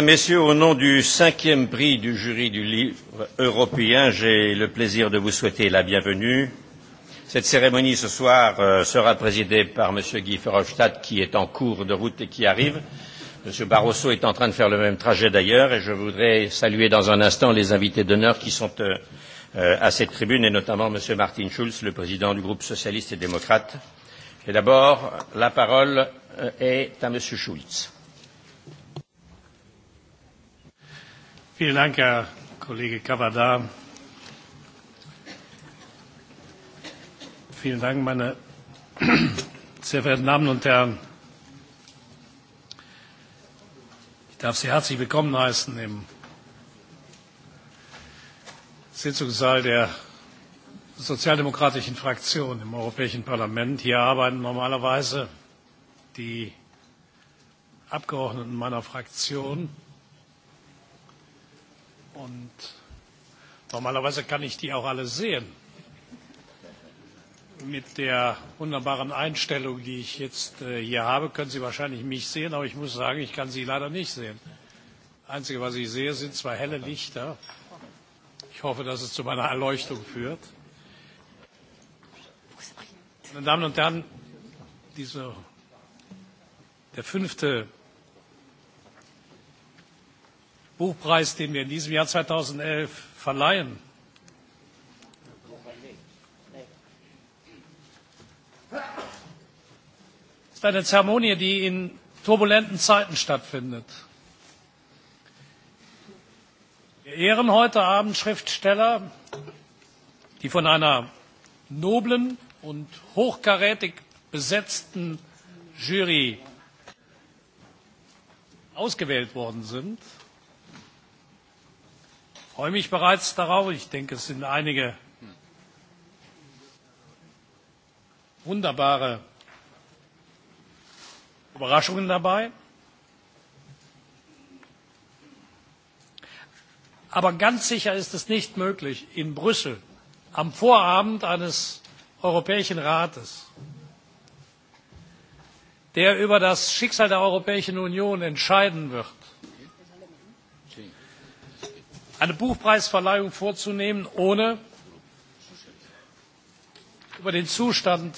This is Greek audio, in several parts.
Messieurs, au nom du cinquième prix du jury du livre européen, j'ai le plaisir de vous souhaiter la bienvenue. Cette cérémonie ce soir sera présidée par M. Guy Verhofstadt qui est en cours de route et qui arrive. M. Barroso est en train de faire le même trajet d'ailleurs et je voudrais saluer dans un instant les invités d'honneur qui sont à cette tribune et notamment M. Martin Schulz, le président du groupe socialiste et démocrate. Et d'abord, la parole est à M. Schulz. Vielen Dank, Herr Kollege Cavada. Vielen Dank, meine sehr verehrten Damen und Herren. Ich darf Sie herzlich willkommen heißen im Sitzungssaal der sozialdemokratischen Fraktion im Europäischen Parlament. Hier arbeiten normalerweise die Abgeordneten meiner Fraktion Und normalerweise kann ich die auch alle sehen. Mit der wunderbaren Einstellung, die ich jetzt hier habe, können Sie wahrscheinlich mich sehen, aber ich muss sagen, ich kann Sie leider nicht sehen. Das Einzige, was ich sehe, sind zwei helle Lichter. Ich hoffe, dass es zu meiner Erleuchtung führt. Meine Damen und Herren, der fünfte Buchpreis, den wir in diesem Jahr 2011 verleihen. ist eine Zeremonie, die in turbulenten Zeiten stattfindet. Wir ehren heute Abend Schriftsteller, die von einer noblen und hochkarätig besetzten Jury ausgewählt worden sind freue mich bereits darauf. Ich denke, es sind einige wunderbare Überraschungen dabei. Aber ganz sicher ist es nicht möglich, in Brüssel am Vorabend eines Europäischen Rates, der über das Schicksal der Europäischen Union entscheiden wird, eine Buchpreisverleihung vorzunehmen, ohne über den Zustand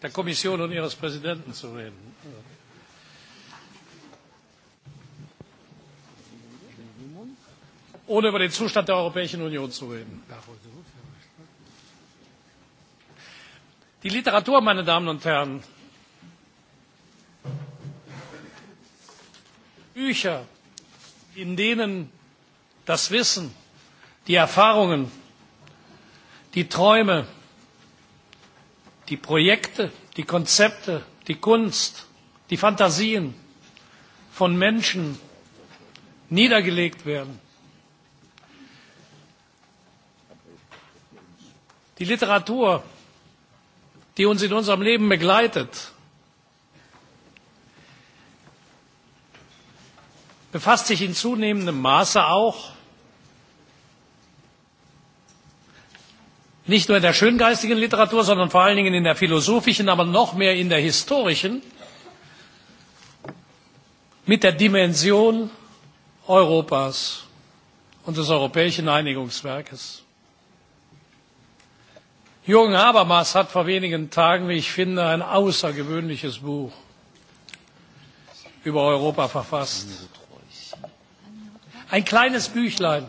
der Kommission und ihres Präsidenten zu reden. Ohne über den Zustand der Europäischen Union zu reden. Die Literatur, meine Damen und Herren, Bücher, in denen das Wissen, die Erfahrungen, die Träume, die Projekte, die Konzepte, die Kunst, die Fantasien von Menschen niedergelegt werden. Die Literatur, die uns in unserem Leben begleitet, befasst sich in zunehmendem Maße auch nicht nur in der schöngeistigen Literatur, sondern vor allen Dingen in der philosophischen, aber noch mehr in der historischen mit der Dimension Europas und des europäischen Einigungswerkes. Jürgen Habermas hat vor wenigen Tagen, wie ich finde, ein außergewöhnliches Buch über Europa verfasst ein kleines büchlein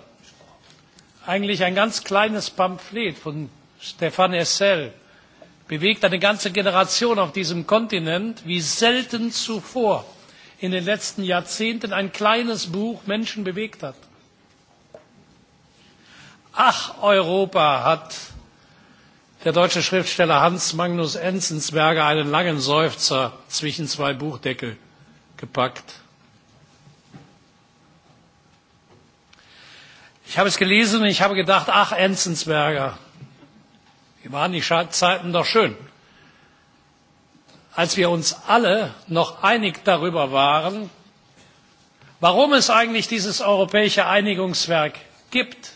eigentlich ein ganz kleines pamphlet von stefan essel bewegt eine ganze generation auf diesem kontinent wie selten zuvor in den letzten jahrzehnten ein kleines buch menschen bewegt hat. ach europa hat der deutsche schriftsteller hans magnus enzensberger einen langen seufzer zwischen zwei buchdeckel gepackt. Ich habe es gelesen und ich habe gedacht, ach, Enzensberger, wie waren die Zeiten doch schön. Als wir uns alle noch einig darüber waren, warum es eigentlich dieses europäische Einigungswerk gibt.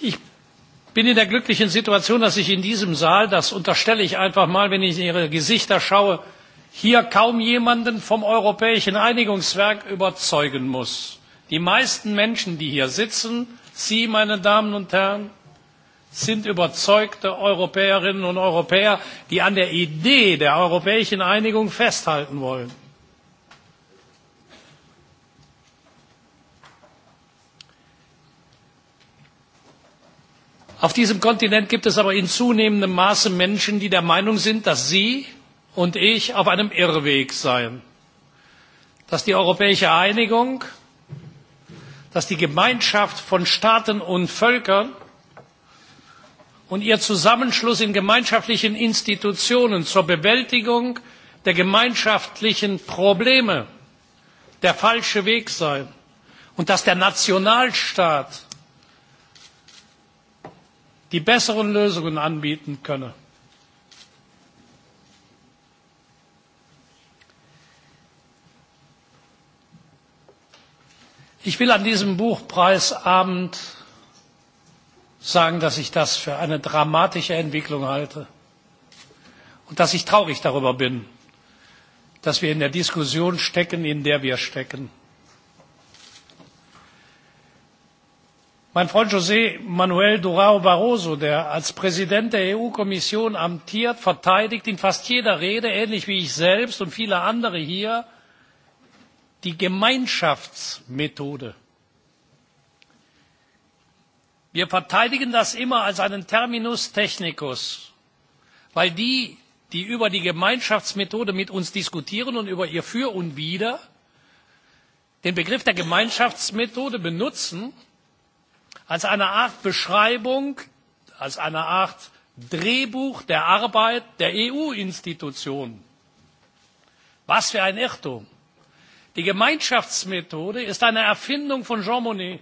Ich bin in der glücklichen Situation, dass ich in diesem Saal, das unterstelle ich einfach mal, wenn ich in Ihre Gesichter schaue, hier kaum jemanden vom europäischen einigungswerk überzeugen muss. die meisten menschen die hier sitzen sie meine damen und herren sind überzeugte europäerinnen und europäer die an der idee der europäischen einigung festhalten wollen. auf diesem kontinent gibt es aber in zunehmendem maße menschen die der meinung sind dass sie und ich auf einem Irrweg seien, dass die europäische Einigung, dass die Gemeinschaft von Staaten und Völkern und ihr Zusammenschluss in gemeinschaftlichen Institutionen zur Bewältigung der gemeinschaftlichen Probleme der falsche Weg seien, und dass der Nationalstaat die besseren Lösungen anbieten könne. Ich will an diesem Buchpreisabend sagen, dass ich das für eine dramatische Entwicklung halte und dass ich traurig darüber bin, dass wir in der Diskussion stecken, in der wir stecken. Mein Freund José Manuel Durao Barroso, der als Präsident der EU-Kommission amtiert, verteidigt in fast jeder Rede, ähnlich wie ich selbst und viele andere hier, die Gemeinschaftsmethode. Wir verteidigen das immer als einen Terminus technicus, weil die, die über die Gemeinschaftsmethode mit uns diskutieren und über ihr Für und Wider, den Begriff der Gemeinschaftsmethode benutzen als eine Art Beschreibung, als eine Art Drehbuch der Arbeit der EU-Institutionen. Was für ein Irrtum! Die Gemeinschaftsmethode ist eine Erfindung von Jean Monnet,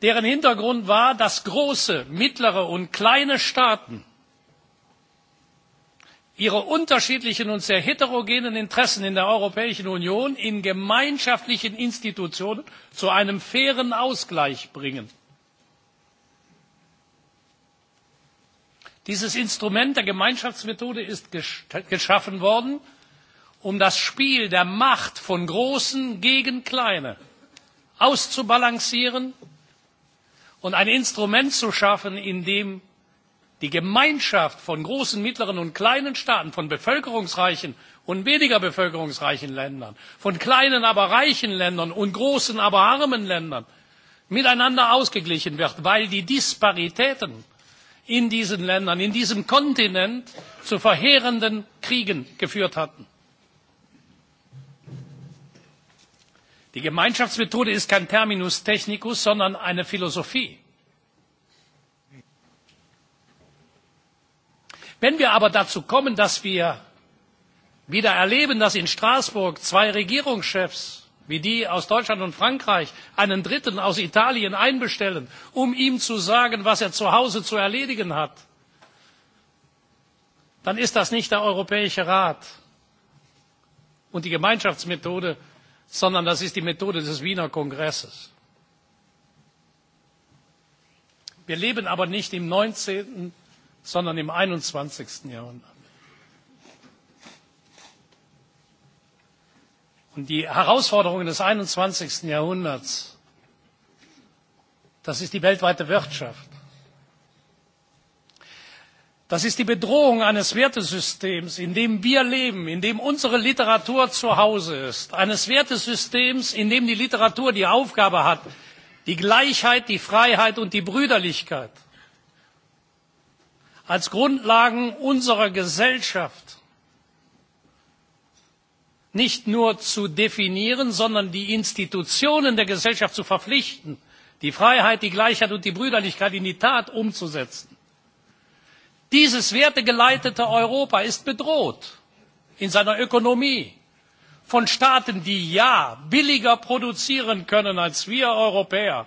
deren Hintergrund war, dass große, mittlere und kleine Staaten ihre unterschiedlichen und sehr heterogenen Interessen in der Europäischen Union in gemeinschaftlichen Institutionen zu einem fairen Ausgleich bringen. Dieses Instrument der Gemeinschaftsmethode ist geschaffen worden um das Spiel der Macht von Großen gegen Kleine auszubalancieren und ein Instrument zu schaffen, in dem die Gemeinschaft von großen, mittleren und kleinen Staaten, von bevölkerungsreichen und weniger bevölkerungsreichen Ländern, von kleinen, aber reichen Ländern und großen, aber armen Ländern miteinander ausgeglichen wird, weil die Disparitäten in diesen Ländern, in diesem Kontinent zu verheerenden Kriegen geführt hatten. Die Gemeinschaftsmethode ist kein Terminus technicus, sondern eine Philosophie. Wenn wir aber dazu kommen, dass wir wieder erleben, dass in Straßburg zwei Regierungschefs wie die aus Deutschland und Frankreich einen Dritten aus Italien einbestellen, um ihm zu sagen, was er zu Hause zu erledigen hat, dann ist das nicht der Europäische Rat. Und die Gemeinschaftsmethode sondern das ist die methode des wiener kongresses. wir leben aber nicht im. 19., sondern im. 21. jahrhundert. und die herausforderungen des. 21. jahrhunderts das ist die weltweite wirtschaft das ist die bedrohung eines wertesystems in dem wir leben in dem unsere literatur zu hause ist eines wertesystems in dem die literatur die aufgabe hat die gleichheit die freiheit und die brüderlichkeit als grundlagen unserer gesellschaft nicht nur zu definieren sondern die institutionen der gesellschaft zu verpflichten die freiheit die gleichheit und die brüderlichkeit in die tat umzusetzen. Dieses wertegeleitete Europa ist bedroht in seiner Ökonomie von Staaten, die ja billiger produzieren können als wir Europäer,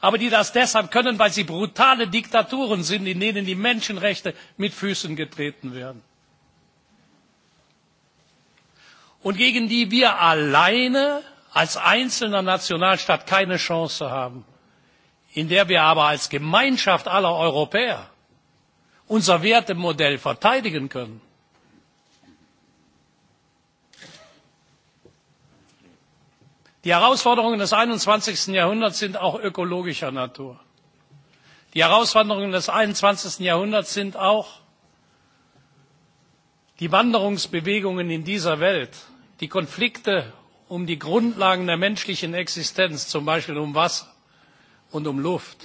aber die das deshalb können, weil sie brutale Diktaturen sind, in denen die Menschenrechte mit Füßen getreten werden und gegen die wir alleine als einzelner Nationalstaat keine Chance haben, in der wir aber als Gemeinschaft aller Europäer unser Wertemodell verteidigen können. Die Herausforderungen des 21. Jahrhunderts sind auch ökologischer Natur. Die Herausforderungen des 21. Jahrhunderts sind auch die Wanderungsbewegungen in dieser Welt, die Konflikte um die Grundlagen der menschlichen Existenz, zum Beispiel um Wasser und um Luft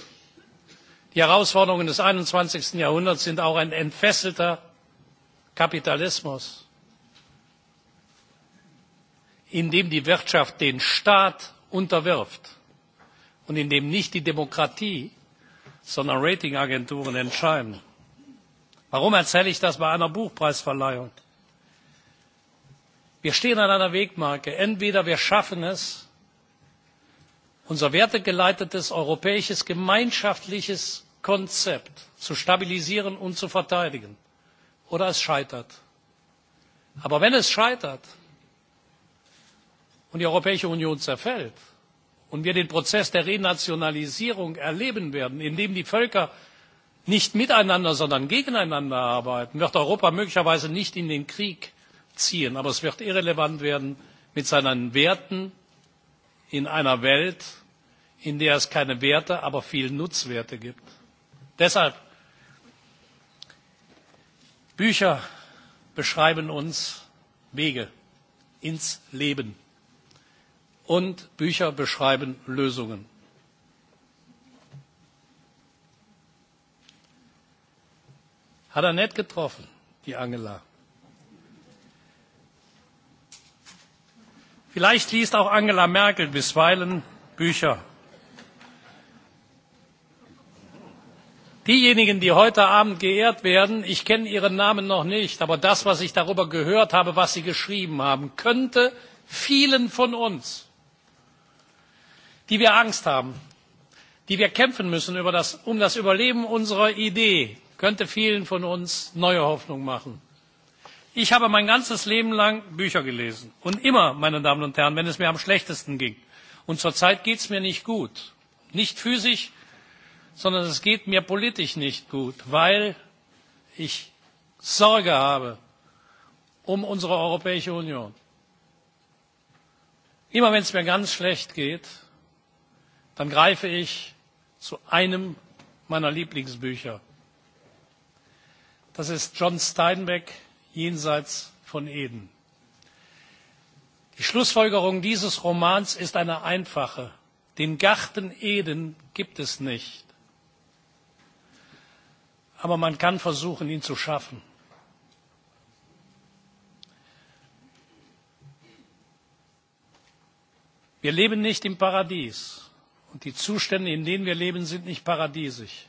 die herausforderungen des. einundzwanzig jahrhunderts sind auch ein entfesselter kapitalismus in dem die wirtschaft den staat unterwirft und in dem nicht die demokratie sondern ratingagenturen entscheiden. warum erzähle ich das bei einer buchpreisverleihung? wir stehen an einer wegmarke entweder wir schaffen unser wertegeleitetes europäisches gemeinschaftliches konzept zu stabilisieren und zu verteidigen oder es scheitert. aber wenn es scheitert und die europäische union zerfällt und wir den prozess der renationalisierung erleben werden in dem die völker nicht miteinander sondern gegeneinander arbeiten wird europa möglicherweise nicht in den krieg ziehen aber es wird irrelevant werden mit seinen werten in einer Welt, in der es keine Werte, aber viel Nutzwerte gibt. Deshalb, Bücher beschreiben uns Wege ins Leben und Bücher beschreiben Lösungen. Hat er nett getroffen, die Angela. Vielleicht liest auch Angela Merkel bisweilen Bücher. Diejenigen, die heute Abend geehrt werden, ich kenne ihren Namen noch nicht, aber das, was ich darüber gehört habe, was sie geschrieben haben, könnte vielen von uns, die wir Angst haben, die wir kämpfen müssen um das Überleben unserer Idee, könnte vielen von uns neue Hoffnung machen. Ich habe mein ganzes Leben lang Bücher gelesen. Und immer, meine Damen und Herren, wenn es mir am schlechtesten ging. Und zurzeit geht es mir nicht gut. Nicht physisch, sondern es geht mir politisch nicht gut, weil ich Sorge habe um unsere Europäische Union. Immer wenn es mir ganz schlecht geht, dann greife ich zu einem meiner Lieblingsbücher. Das ist John Steinbeck jenseits von Eden. Die Schlussfolgerung dieses Romans ist eine einfache. Den Garten Eden gibt es nicht. Aber man kann versuchen, ihn zu schaffen. Wir leben nicht im Paradies. Und die Zustände, in denen wir leben, sind nicht paradiesisch.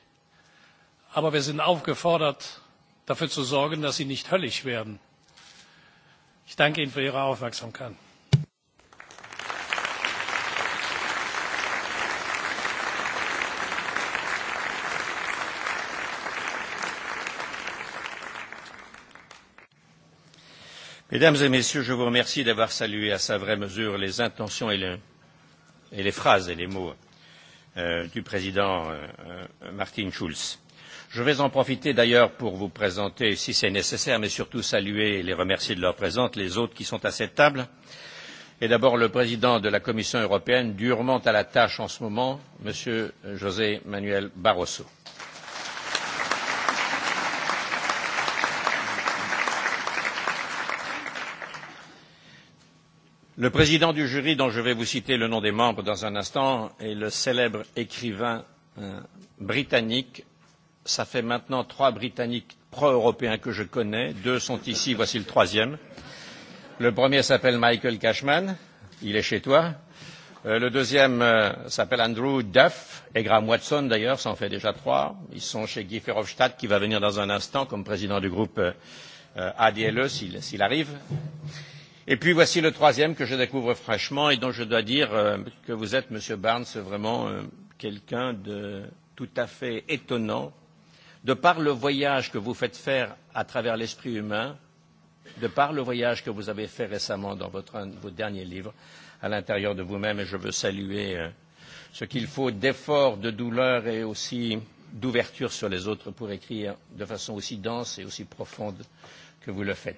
Aber wir sind aufgefordert, dafür zu sorgen, dass sie nicht höllisch werden. Ich danke Ihnen für Ihre Aufmerksamkeit. Mesdames et Messieurs, je vous remercie d'avoir salué à sa vraie mesure les intentions et les phrases et les mots du président Martin Schulz. Je vais en profiter d'ailleurs pour vous présenter, si c'est nécessaire, mais surtout saluer et les remercier de leur présence, les autres qui sont à cette table. Et d'abord le président de la Commission européenne, durement à la tâche en ce moment, M. José Manuel Barroso. Le président du jury, dont je vais vous citer le nom des membres dans un instant, est le célèbre écrivain britannique Ça fait maintenant trois Britanniques pro-européens que je connais. Deux sont ici, voici le troisième. Le premier s'appelle Michael Cashman, il est chez toi. Le deuxième s'appelle Andrew Duff et Graham Watson d'ailleurs, ça en fait déjà trois. Ils sont chez Guy Verhofstadt qui va venir dans un instant comme président du groupe ADLE s'il arrive. Et puis voici le troisième que je découvre fraîchement et dont je dois dire que vous êtes, Monsieur Barnes, vraiment quelqu'un de tout à fait étonnant de par le voyage que vous faites faire à travers l'esprit humain, de par le voyage que vous avez fait récemment dans votre, vos derniers livres, à l'intérieur de vous-même, et je veux saluer ce qu'il faut d'efforts, de douleur et aussi d'ouverture sur les autres pour écrire de façon aussi dense et aussi profonde que vous le faites.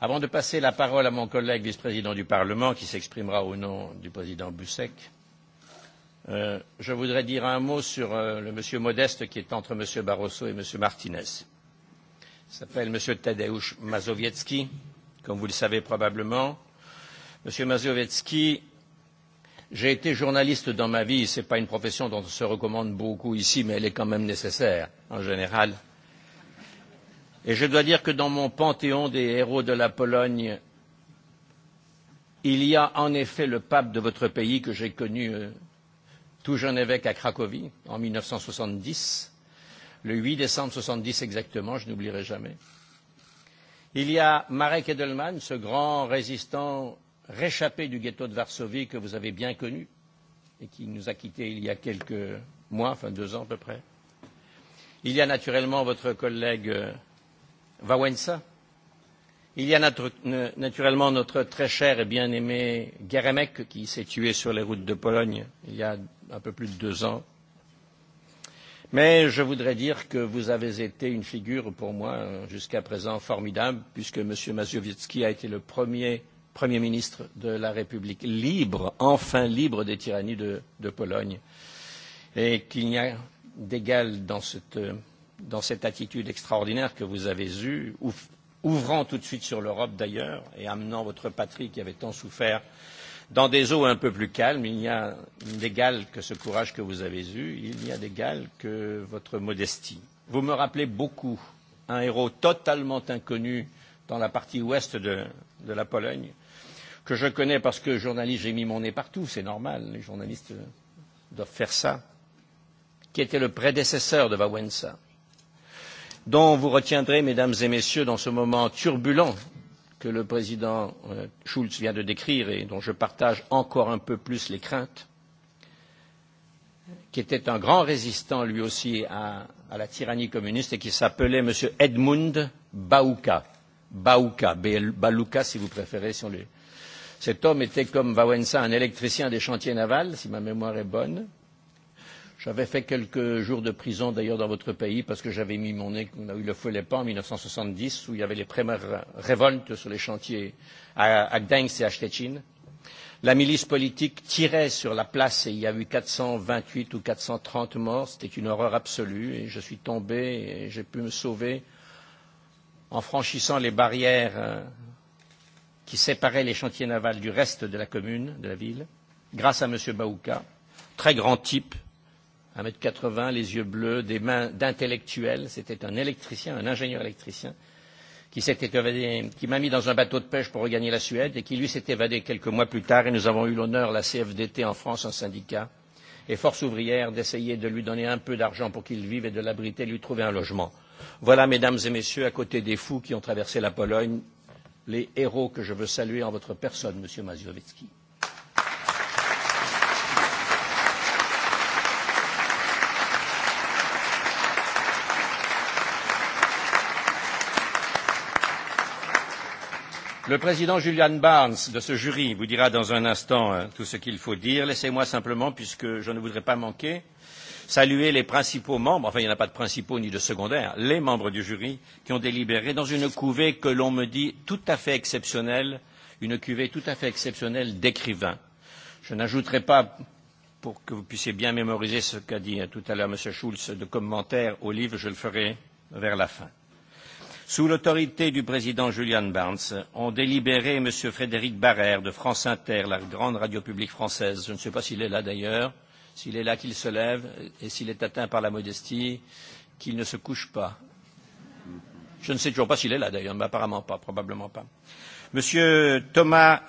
Avant de passer la parole à mon collègue vice-président du Parlement, qui s'exprimera au nom du président Busek, Je voudrais dire un mot sur le monsieur Modeste qui est entre M. Barroso et M. Martinez. Il s'appelle monsieur Tadeusz Mazowiecki, comme vous le savez probablement. Monsieur Mazowiecki, j'ai été journaliste dans ma vie, ce n'est pas une profession dont on se recommande beaucoup ici, mais elle est quand même nécessaire en général. Et je dois dire que dans mon panthéon des héros de la Pologne, il y a en effet le pape de votre pays que j'ai connu tout jeune évêque à Cracovie, en 1970, le 8 décembre 70 exactement, je n'oublierai jamais. Il y a Marek Edelman, ce grand résistant réchappé du ghetto de Varsovie que vous avez bien connu et qui nous a quittés il y a quelques mois, enfin deux ans à peu près. Il y a naturellement votre collègue Wałęsa. Il y a naturellement notre très cher et bien-aimé Geremek qui s'est tué sur les routes de Pologne il y a un peu plus de deux ans. Mais je voudrais dire que vous avez été une figure pour moi jusqu'à présent formidable, puisque M. Mazowiecki a été le premier Premier ministre de la République libre, enfin libre des tyrannies de Pologne, et qu'il n'y a d'égal dans cette attitude extraordinaire que vous avez eue, ouvrant tout de suite sur l'Europe d'ailleurs, et amenant votre patrie qui avait tant souffert dans des eaux un peu plus calmes, il n'y a d'égal que ce courage que vous avez eu, il n'y a d'égal que votre modestie. Vous me rappelez beaucoup un héros totalement inconnu dans la partie ouest de la Pologne, que je connais parce que journaliste, j'ai mis mon nez partout, c'est normal, les journalistes doivent faire ça, qui était le prédécesseur de Wałęsa, dont vous retiendrez, mesdames et messieurs, dans ce moment turbulent que le président Schulz vient de décrire et dont je partage encore un peu plus les craintes, qui était un grand résistant lui aussi à la tyrannie communiste et qui s'appelait M. Edmund Bauka. Bauka, Baluka si vous préférez. Cet homme était comme Vawensa un électricien des chantiers navals, si ma mémoire est bonne J'avais fait quelques jours de prison d'ailleurs dans votre pays parce que j'avais mis mon nez, on a eu le feu pas en 1970 où il y avait les premières révoltes sur les chantiers à Gdańsk et à Stettin. La milice politique tirait sur la place et il y a eu 428 ou 430 morts. C'était une horreur absolue et je suis tombé et j'ai pu me sauver en franchissant les barrières qui séparaient les chantiers navals du reste de la commune, de la ville, grâce à M. Baouka, très grand type 1 quatre 80 les yeux bleus, des mains d'intellectuels. C'était un électricien, un ingénieur électricien, qui s'était évadé, qui m'a mis dans un bateau de pêche pour regagner la Suède et qui, lui, s'est évadé quelques mois plus tard. Et nous avons eu l'honneur, la CFDT en France, un syndicat, et Force ouvrière, d'essayer de lui donner un peu d'argent pour qu'il vive et de l'abriter, lui trouver un logement. Voilà, mesdames et messieurs, à côté des fous qui ont traversé la Pologne, les héros que je veux saluer en votre personne, Monsieur Mazowiecki. Le président Julian Barnes de ce jury vous dira dans un instant tout ce qu'il faut dire. Laissez-moi simplement, puisque je ne voudrais pas manquer, saluer les principaux membres, enfin il n'y en a pas de principaux ni de secondaires, les membres du jury qui ont délibéré dans une couvée que l'on me dit tout à fait exceptionnelle, une cuvée tout à fait exceptionnelle d'écrivains. Je n'ajouterai pas, pour que vous puissiez bien mémoriser ce qu'a dit tout à l'heure M. Schulz de commentaires au livre, je le ferai vers la fin sous l'autorité du président Julian Barnes, ont délibéré M. Frédéric Barrère de France Inter, la grande radio publique française. Je ne sais pas s'il est là d'ailleurs, s'il est là qu'il se lève et s'il est atteint par la modestie, qu'il ne se couche pas. Je ne sais toujours pas s'il est là d'ailleurs, mais apparemment pas, probablement pas. M. Thomas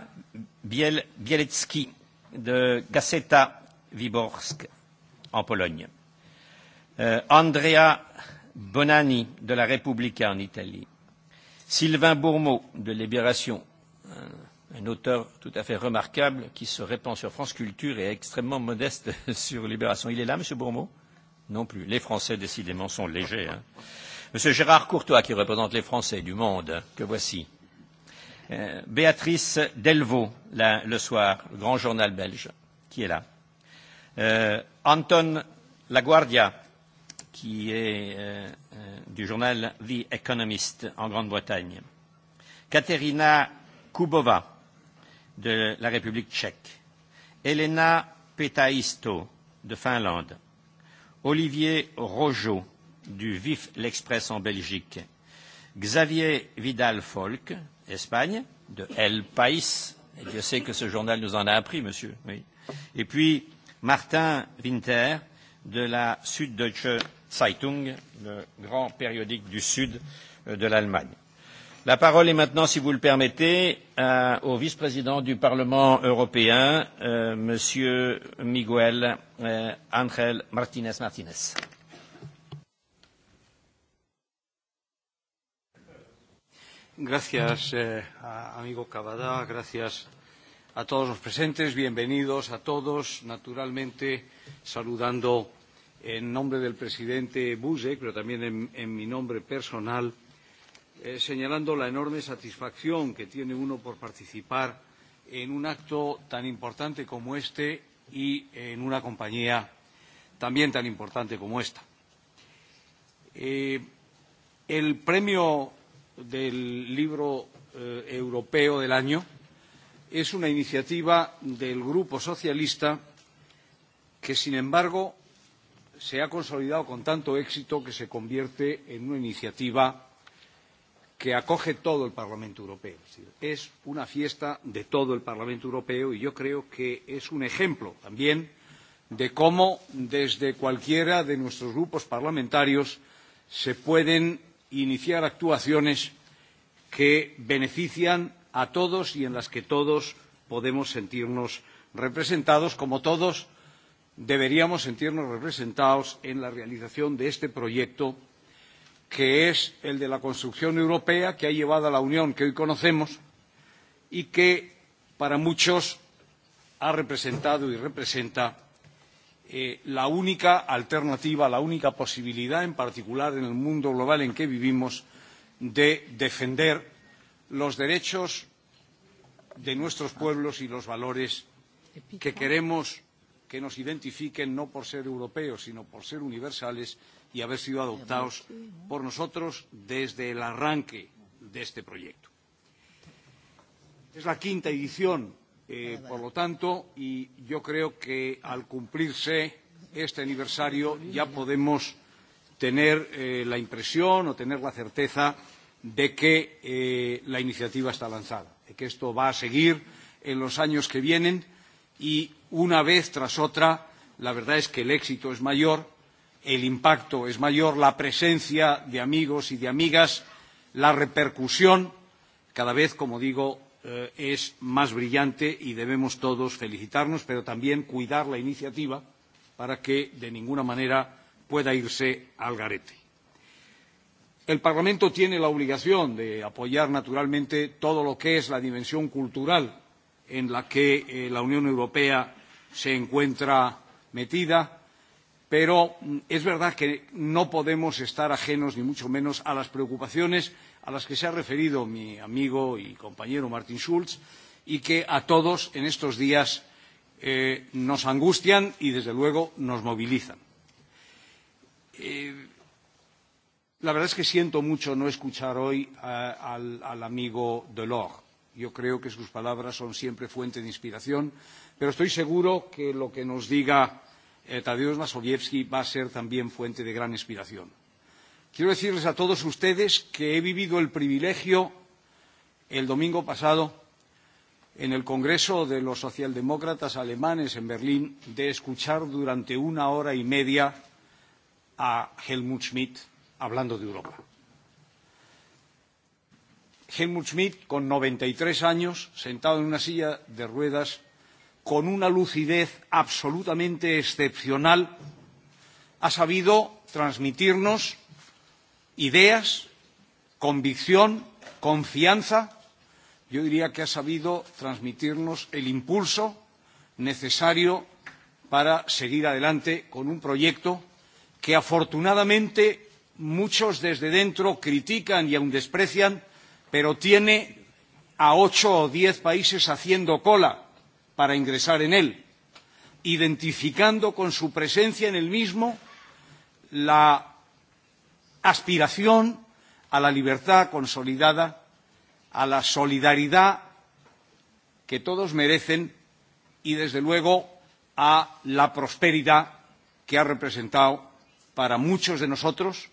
Bielecki de Gazeta Wyborsk en Pologne. Andrea Bonanni de la Repubblica en Italie, Sylvain Bourmeau de Libération, un auteur tout à fait remarquable qui se répand sur France Culture et extrêmement modeste sur Libération. Il est là, Monsieur Bourmeau Non plus. Les Français, décidément, sont légers. Hein. Monsieur Gérard Courtois, qui représente les Français du monde, que voici. Béatrice Delvaux, le soir, grand journal belge, qui est là. Anton Laguardia, qui est du journal The Economist en Grande-Bretagne. Katerina Kubova de la République tchèque. Elena Petaisto de Finlande. Olivier Rojo, du Vif l'Express en Belgique. Xavier Vidal-Folk, Espagne, de El País. Et Dieu sait que ce journal nous en a appris, monsieur. Oui. Et puis Martin Winter de la Süddeutsche Zeitung, le grand périodique du sud de l'Allemagne. La parole est maintenant, si vous le permettez, au vice-président du Parlement européen, Monsieur Miguel Ángel Martínez Martínez. Gracias, amigo Cavada. Gracias a todos los presentes. Bienvenidos a todos. Naturalmente, saludando en nombre del presidente Buzek, pero también en, en mi nombre personal, eh, señalando la enorme satisfacción que tiene uno por participar en un acto tan importante como este y en una compañía también tan importante como esta. Eh, el premio del libro europeo del año es una iniciativa del Grupo Socialista que, sin embargo, se ha consolidado con tanto éxito que se convierte en una iniciativa que acoge todo el Parlamento Europeo. Es una fiesta de todo el Parlamento Europeo y yo creo que es un ejemplo también de cómo desde cualquiera de nuestros grupos parlamentarios se pueden iniciar actuaciones que benefician a todos y en las que todos podemos sentirnos representados, como todos deberíamos sentirnos representados en la realización de este proyecto que es el de la construcción europea que ha llevado a la Unión que hoy conocemos y que para muchos ha representado y representa la única alternativa, la única posibilidad, en particular en el mundo global en que vivimos, de defender los derechos de nuestros pueblos y los valores que queremos que nos identifiquen no por ser europeos, sino por ser universales y haber sido adoptados por nosotros desde el arranque de este proyecto. Es la quinta edición, por lo tanto, y yo creo que al cumplirse este aniversario ya podemos tener la impresión o tener la certeza de que la iniciativa está lanzada, de que esto va a seguir en los años que vienen y una vez tras otra, la verdad es que el éxito es mayor, el impacto es mayor, la presencia de amigos y de amigas, la repercusión cada vez, como digo, es más brillante y debemos todos felicitarnos, pero también cuidar la iniciativa para que de ninguna manera pueda irse al garete. El Parlamento tiene la obligación de apoyar naturalmente todo lo que es la dimensión cultural en la que la Unión Europea se encuentra metida, pero es verdad que no podemos estar ajenos, ni mucho menos, a las preocupaciones a las que se ha referido mi amigo y compañero Martin Schulz y que a todos en estos días nos angustian y, desde luego, nos movilizan. La verdad es que siento mucho no escuchar hoy al amigo Delors Yo creo que sus palabras son siempre fuente de inspiración, pero estoy seguro que lo que nos diga Tadeusz Mazowiecki va a ser también fuente de gran inspiración. Quiero decirles a todos ustedes que he vivido el privilegio el domingo pasado en el Congreso de los Socialdemócratas Alemanes en Berlín de escuchar durante una hora y media a Helmut Schmidt hablando de Europa. Helmut Schmidt, con 93 años, sentado en una silla de ruedas, con una lucidez absolutamente excepcional, ha sabido transmitirnos ideas, convicción, confianza. Yo diría que ha sabido transmitirnos el impulso necesario para seguir adelante con un proyecto que afortunadamente muchos desde dentro critican y aun desprecian, pero tiene a ocho o diez países haciendo cola para ingresar en él, identificando con su presencia en el mismo la aspiración a la libertad consolidada, a la solidaridad que todos merecen y, desde luego, a la prosperidad que ha representado para muchos de nosotros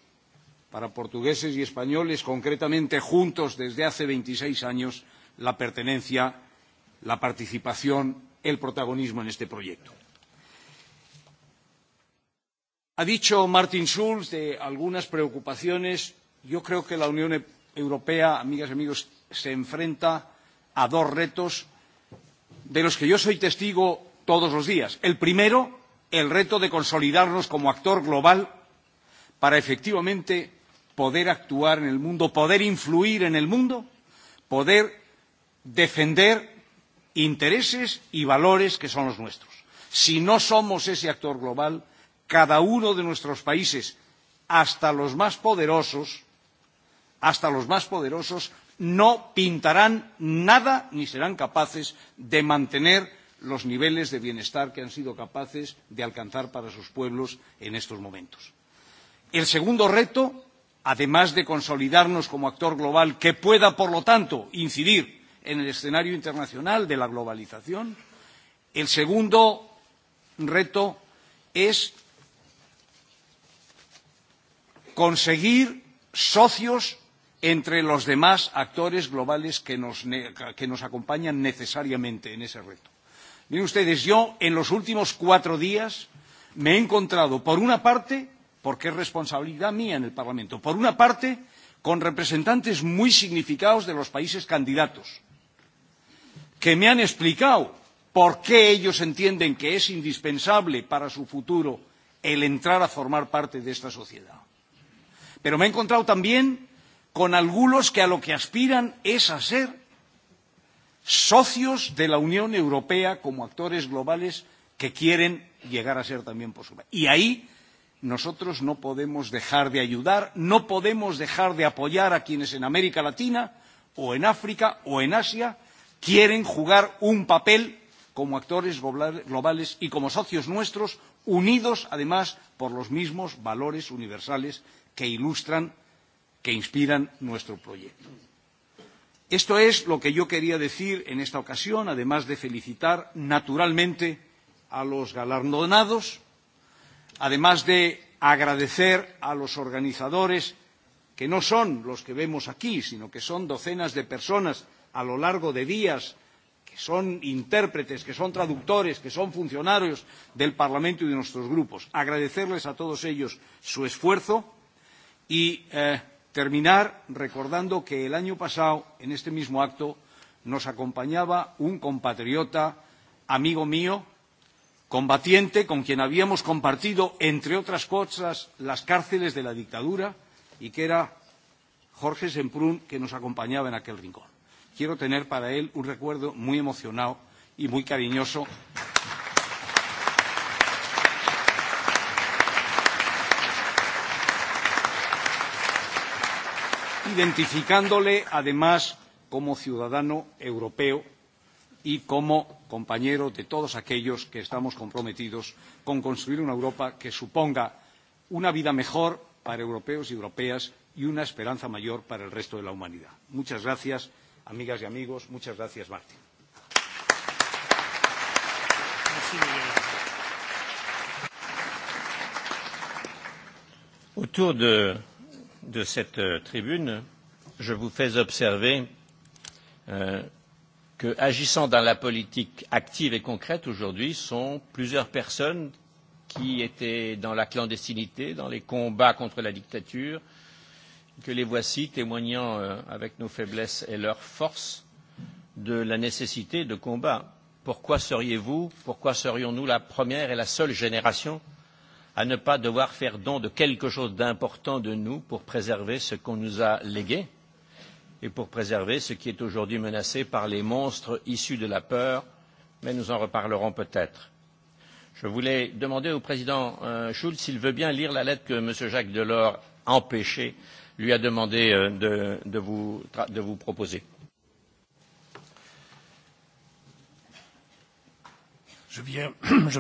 para portugueses y españoles, concretamente juntos desde hace 26 años, la pertenencia, la participación, el protagonismo en este proyecto. Ha dicho Martin Schulz de algunas preocupaciones. Yo creo que la Unión Europea, amigas y amigos, se enfrenta a dos retos de los que yo soy testigo todos los días. El primero, el reto de consolidarnos como actor global para efectivamente poder actuar en el mundo, poder influir en el mundo, poder defender intereses y valores que son los nuestros. Si no somos ese actor global, cada uno de nuestros países, hasta los más poderosos, hasta los más poderosos, no pintarán nada ni serán capaces de mantener los niveles de bienestar que han sido capaces de alcanzar para sus pueblos en estos momentos. El segundo reto además de consolidarnos como actor global que pueda, por lo tanto, incidir en el escenario internacional de la globalización. El segundo reto es conseguir socios entre los demás actores globales que nos, que nos acompañan necesariamente en ese reto. Miren ustedes, yo en los últimos cuatro días me he encontrado, por una parte, porque es responsabilidad mía en el Parlamento. Por una parte, con representantes muy significados de los países candidatos, que me han explicado por qué ellos entienden que es indispensable para su futuro el entrar a formar parte de esta sociedad. Pero me he encontrado también con algunos que a lo que aspiran es a ser socios de la Unión Europea como actores globales que quieren llegar a ser también por su Y ahí nosotros no podemos dejar de ayudar, no podemos dejar de apoyar a quienes en América Latina o en África o en Asia quieren jugar un papel como actores globales y como socios nuestros, unidos además por los mismos valores universales que ilustran, que inspiran nuestro proyecto. Esto es lo que yo quería decir en esta ocasión, además de felicitar naturalmente a los galardonados además de agradecer a los organizadores, que no son los que vemos aquí, sino que son docenas de personas a lo largo de días, que son intérpretes, que son traductores, que son funcionarios del Parlamento y de nuestros grupos. Agradecerles a todos ellos su esfuerzo y terminar recordando que el año pasado, en este mismo acto, nos acompañaba un compatriota amigo mío, combatiente con quien habíamos compartido, entre otras cosas, las cárceles de la dictadura y que era Jorge Semprún, que nos acompañaba en aquel rincón. Quiero tener para él un recuerdo muy emocionado y muy cariñoso. identificándole además como ciudadano europeo y como compañero de todos aquellos que estamos comprometidos con construir una Europa que suponga una vida mejor para europeos y europeas y una esperanza mayor para el resto de la humanidad. Muchas gracias, amigas y amigos. Muchas gracias, Martín. Autour de cette tribune, je vous fais observer que, agissant dans la politique active et concrète aujourd'hui, sont plusieurs personnes qui étaient dans la clandestinité, dans les combats contre la dictature, que les voici témoignant avec nos faiblesses et leurs forces de la nécessité de combat. Pourquoi seriez-vous, pourquoi serions-nous la première et la seule génération à ne pas devoir faire don de quelque chose d'important de nous pour préserver ce qu'on nous a légué et pour préserver ce qui est aujourd'hui menacé par les monstres issus de la peur, mais nous en reparlerons peut-être. Je voulais demander au président Schulz s'il veut bien lire la lettre que M. Jacques Delors, empêché, lui a demandé de vous proposer. Je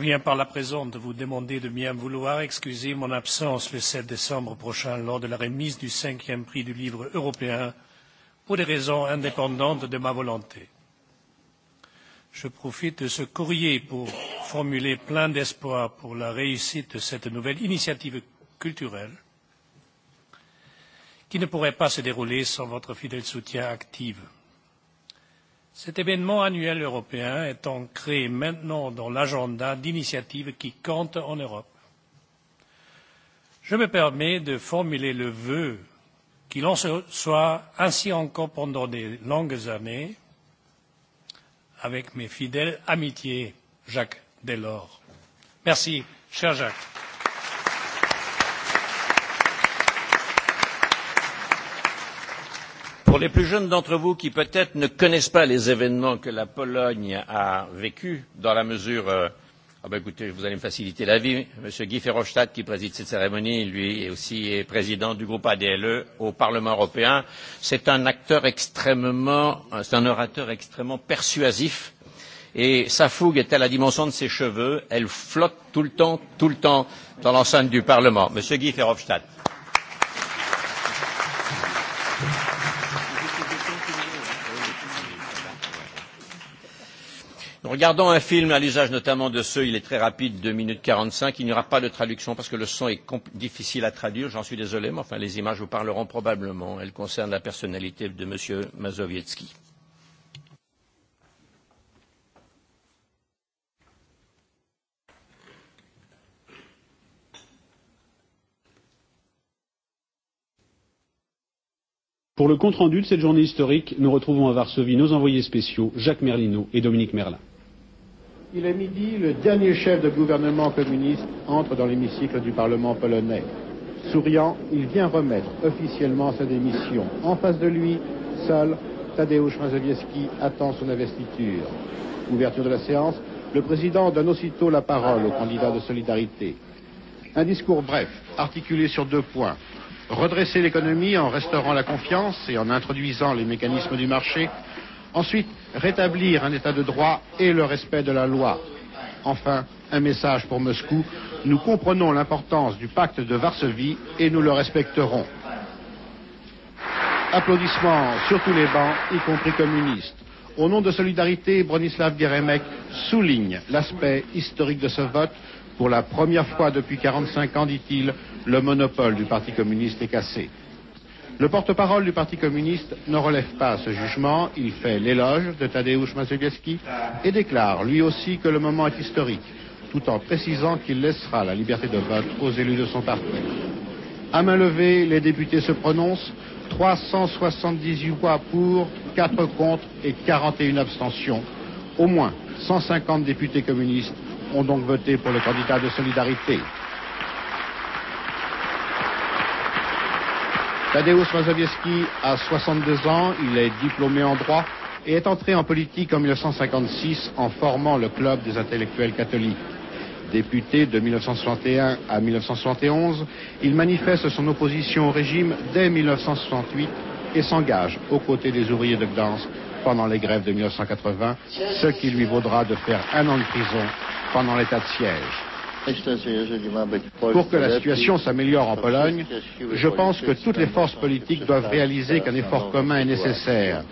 viens par la présente de vous demander de bien vouloir excuser mon absence le 7 décembre prochain lors de la remise du cinquième prix du livre européen pour des raisons indépendantes de ma volonté. Je profite de ce courrier pour formuler plein d'espoir pour la réussite de cette nouvelle initiative culturelle qui ne pourrait pas se dérouler sans votre fidèle soutien actif. Cet événement annuel européen est ancré maintenant dans l'agenda d'initiatives qui comptent en Europe. Je me permets de formuler le vœu qu'il en soit ainsi encore pendant de longues années, avec mes fidèles amitiés, Jacques Delors. Merci, cher Jacques. Pour les plus jeunes d'entre vous qui peut-être ne connaissent pas les événements que la Pologne a vécu dans la mesure ben écoutez, vous allez me faciliter la vie. Monsieur Guy Verhofstadt, qui préside cette cérémonie, lui aussi est président du groupe ADLE au Parlement européen. C'est un acteur extrêmement, c'est un orateur extrêmement persuasif. Et sa fougue est à la dimension de ses cheveux. Elle flotte tout le temps, tout le temps dans l'enceinte du Parlement. Monsieur Guy Verhofstadt. regardant un film à l'usage notamment de ceux, il est très rapide, 2 minutes 45, il n'y aura pas de traduction parce que le son est difficile à traduire, j'en suis désolé, mais enfin les images vous parleront probablement. Elles concernent la personnalité de M. Mazowiecki. Pour le compte rendu de cette journée historique, nous retrouvons à Varsovie nos envoyés spéciaux Jacques Merlino et Dominique Merlin. Il est midi, le dernier chef de gouvernement communiste entre dans l'hémicycle du Parlement polonais. Souriant, il vient remettre officiellement sa démission. En face de lui, seul, Tadeusz Mazowiecki attend son investiture. Ouverture de la séance, le président donne aussitôt la parole au candidat de solidarité. Un discours bref, articulé sur deux points. Redresser l'économie en restaurant la confiance et en introduisant les mécanismes du marché Ensuite, rétablir un état de droit et le respect de la loi. Enfin, un message pour Moscou. Nous comprenons l'importance du pacte de Varsovie et nous le respecterons. Applaudissements sur tous les bancs, y compris communistes. Au nom de Solidarité, Bronislav Geremek souligne l'aspect historique de ce vote. Pour la première fois depuis 45 ans, dit-il, le monopole du Parti communiste est cassé. Le porte-parole du Parti communiste ne relève pas ce jugement. Il fait l'éloge de Tadeusz Mazowiecki et déclare lui aussi que le moment est historique, tout en précisant qu'il laissera la liberté de vote aux élus de son parti. À main levée, les députés se prononcent. 378 voix pour, 4 contre et 41 abstentions. Au moins 150 députés communistes ont donc voté pour le candidat de solidarité. Tadeusz Mazowiecki a 62 ans, il est diplômé en droit et est entré en politique en 1956 en formant le Club des intellectuels catholiques. Député de 1961 à 1971, il manifeste son opposition au régime dès 1968 et s'engage aux côtés des ouvriers de Gdansk pendant les grèves de 1980, ce qui lui vaudra de faire un an de prison pendant l'état de siège. Pour que la situation s'améliore en Pologne, je pense que toutes les forces politiques doivent réaliser qu'un effort commun est nécessaire.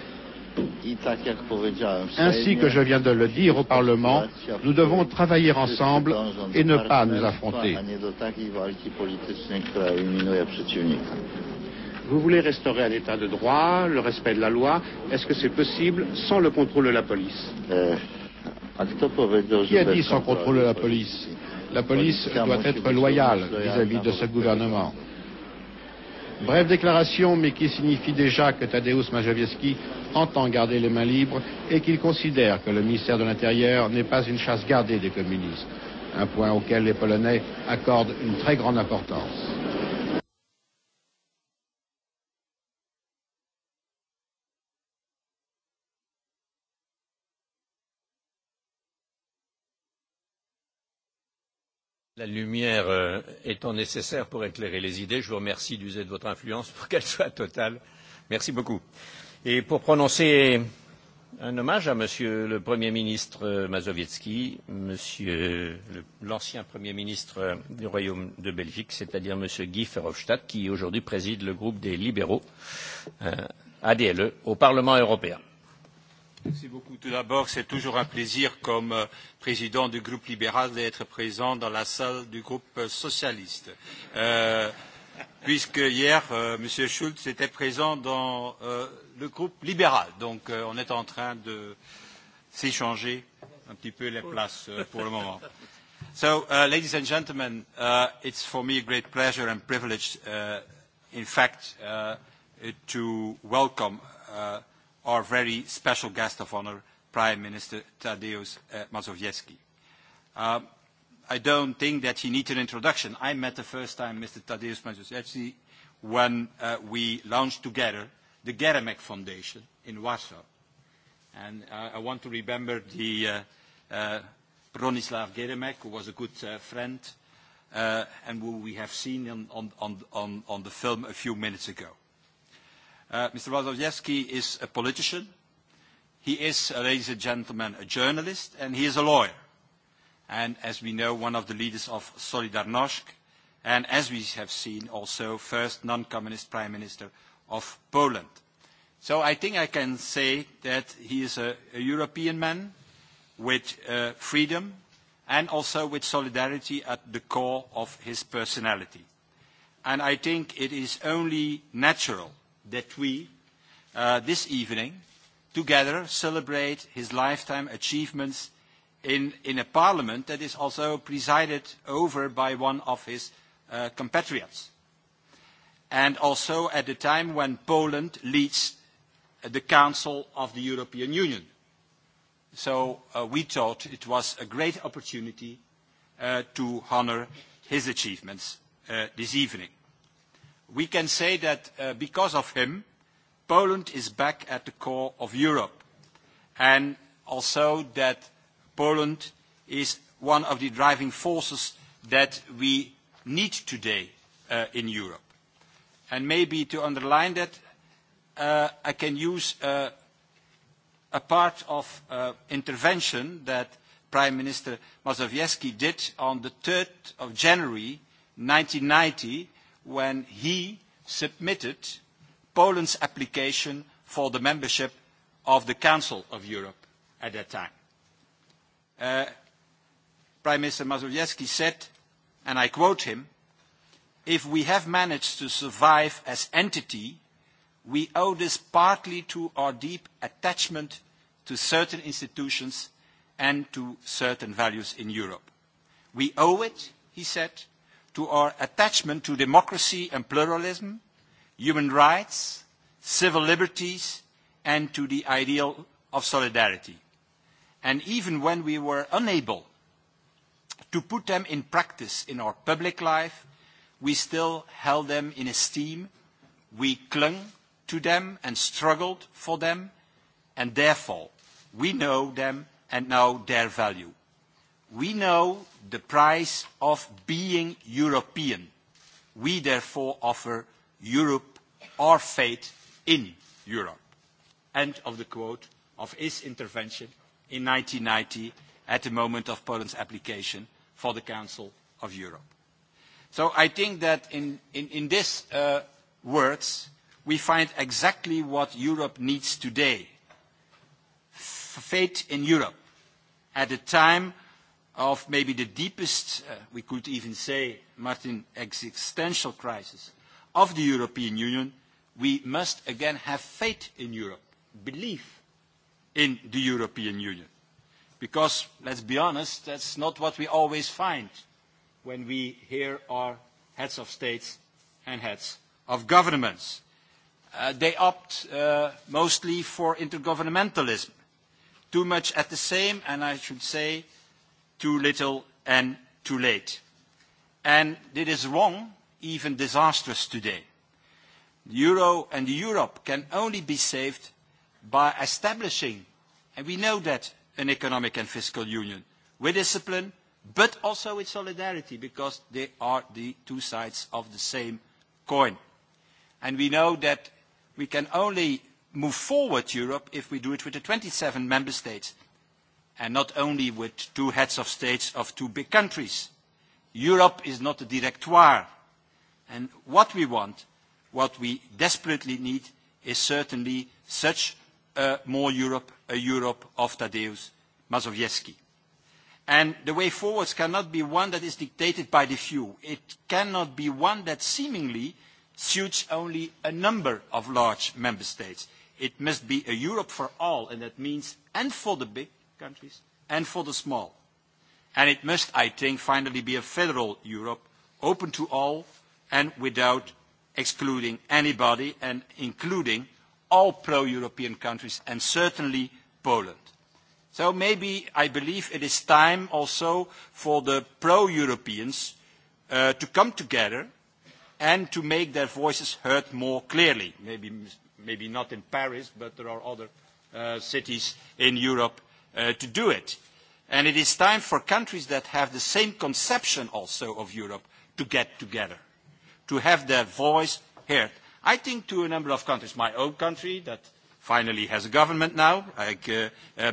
Ainsi que je viens de le dire au Parlement, nous devons travailler ensemble et ne pas nous affronter. Vous voulez restaurer un état de droit, le respect de la loi. Est-ce que c'est possible sans le contrôle de la police Qui a dit sans contrôle de la police la police doit être loyale vis-à-vis de ce gouvernement. Brève déclaration, mais qui signifie déjà que Tadeusz Majewski entend garder les mains libres et qu'il considère que le ministère de l'Intérieur n'est pas une chasse gardée des communistes, un point auquel les Polonais accordent une très grande importance. La lumière étant nécessaire pour éclairer les idées, je vous remercie d'user de votre influence pour qu'elle soit totale. Merci beaucoup. Et pour prononcer un hommage à Monsieur le Premier ministre Mazowiecki, Monsieur l'ancien Premier ministre du Royaume de Belgique, c'est-à-dire Monsieur Guy Verhofstadt, qui aujourd'hui préside le groupe des libéraux ADLE au Parlement européen. Merci beaucoup. Tout d'abord, c'est toujours un plaisir comme président du groupe libéral d'être présent dans la salle du groupe socialiste. Puisque hier, M. Schulz était présent dans le groupe libéral. Donc, on est en train de s'échanger un petit peu les places pour le moment. So, ladies and gentlemen, it's for me great pleasure and privilege, in fact, to welcome our very special guest of honor, Prime Minister Tadeusz Mazowiecki. I don't think that he needs an introduction. I met the first time Mr. Tadeusz Mazowiecki when we launched together the Geremek Foundation in Warsaw. And I want to remember the Bronislav Geremek, who was a good friend and who we have seen on the film a few minutes ago. Mr. Radoszewski is a politician. He is, ladies and gentlemen, a journalist, and he is a lawyer. And as we know, one of the leaders of Solidarnosc, and as we have seen also, first non-communist prime minister of Poland. So I think I can say that he is a European man with freedom and also with solidarity at the core of his personality. And I think it is only natural that we, this evening, together celebrate his lifetime achievements in a parliament that is also presided over by one of his compatriots. And also at the time when Poland leads the Council of the European Union. So we thought it was a great opportunity to honor his achievements this evening we can say that because of him, Poland is back at the core of Europe, and also that Poland is one of the driving forces that we need today in Europe. And maybe to underline that, I can use a part of intervention that Prime Minister Mazowiecki did on the 3rd of January 1990 when he submitted Poland's application for the membership of the Council of Europe at that time. Prime Minister Mazowiecki said, and I quote him, if we have managed to survive as entity, we owe this partly to our deep attachment to certain institutions and to certain values in Europe. We owe it, he said, to our attachment to democracy and pluralism, human rights, civil liberties, and to the ideal of solidarity. And even when we were unable to put them in practice in our public life, we still held them in esteem, we clung to them and struggled for them, and therefore we know them and know their value. We know the price of being European. We therefore offer Europe our fate in Europe. End of the quote of his intervention in 1990 at the moment of Poland's application for the Council of Europe. So I think that in these words we find exactly what Europe needs today. faith in Europe at a time of maybe the deepest, we could even say, Martin, existential crisis of the European Union, we must again have faith in Europe, belief in the European Union. Because, let's be honest, that's not what we always find when we hear our heads of states and heads of governments. They opt mostly for intergovernmentalism. Too much at the same, and I should say, too little and too late. And it is wrong, even disastrous today. The euro and Europe can only be saved by establishing, and we know that, an economic and fiscal union with discipline, but also with solidarity, because they are the two sides of the same coin. And we know that we can only move forward Europe if we do it with the 27 member states and not only with two heads of states of two big countries. Europe is not a directoire. And what we want, what we desperately need, is certainly such a more Europe, a Europe of Tadeusz Mazowiecki. And the way forward cannot be one that is dictated by the few. It cannot be one that seemingly suits only a number of large member states. It must be a Europe for all, and that means and for the big countries and for the small. And it must, I think, finally be a federal Europe, open to all and without excluding anybody and including all pro-European countries and certainly Poland. So maybe I believe it is time also for the pro-Europeans to come together and to make their voices heard more clearly. Maybe not in Paris, but there are other cities in Europe to do it. And it is time for countries that have the same conception also of Europe to get together, to have their voice heard. I think to a number of countries, my own country that finally has a government now, like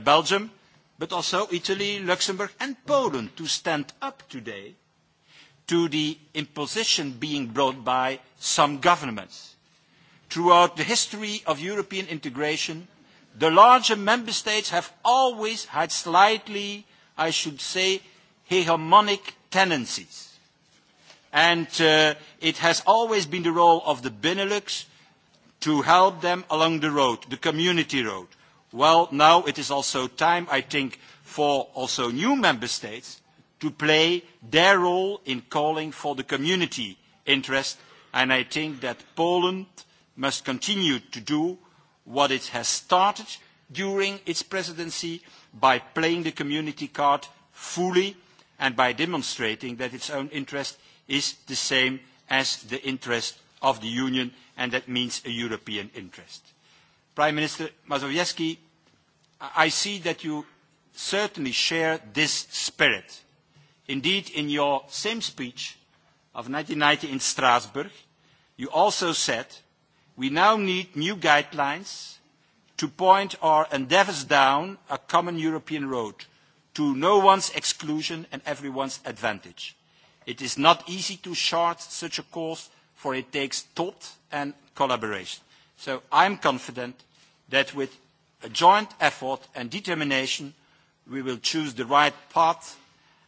Belgium, but also Italy, Luxembourg and Poland to stand up today to the imposition being brought by some governments. Throughout the history of European integration, The larger member states have always had slightly, I should say, hegemonic tendencies. And it has always been the role of the Benelux to help them along the road, the community road. Well, now it is also time, I think, for also new member states to play their role in calling for the community interest. And I think that Poland must continue to do what it has started during its presidency by playing the community card fully and by demonstrating that its own interest is the same as the interest of the Union, and that means a European interest. Prime Minister Mazowiecki, I see that you certainly share this spirit. Indeed, in your same speech of 1990 in Strasbourg, you also said We now need new guidelines to point our endeavours down a common European road, to no one's exclusion and everyone's advantage. It is not easy to chart such a course, for it takes thought and collaboration. So I am confident that with a joint effort and determination, we will choose the right path,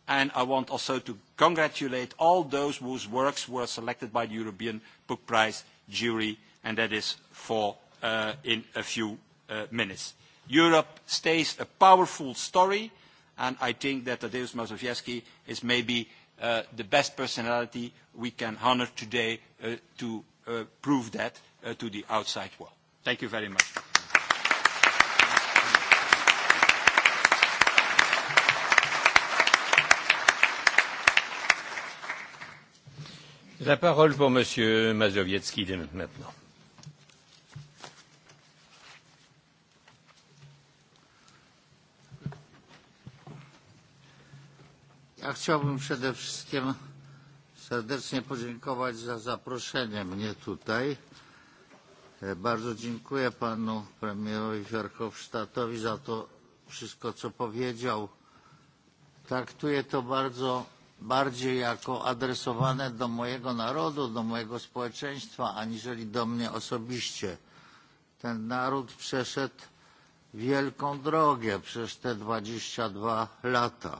and I want also to congratulate all those whose works were selected by the European Book Prize jury and that is for in a few minutes. Europe stays a powerful story, and I think that Tadeusz Mazowiecki is maybe the best personality we can honor today to prove that to the outside world. Thank you very much. La parole pour Monsieur Mazowiecki maintenant. chciałbym przede wszystkim serdecznie podziękować za zaproszenie mnie tutaj. Bardzo dziękuję panu premierowi Verhofstadtowi za to wszystko, co powiedział. Traktuję to bardzo bardziej jako adresowane do mojego narodu, do mojego społeczeństwa, aniżeli do mnie osobiście. Ten naród przeszedł wielką drogę przez te 22 lata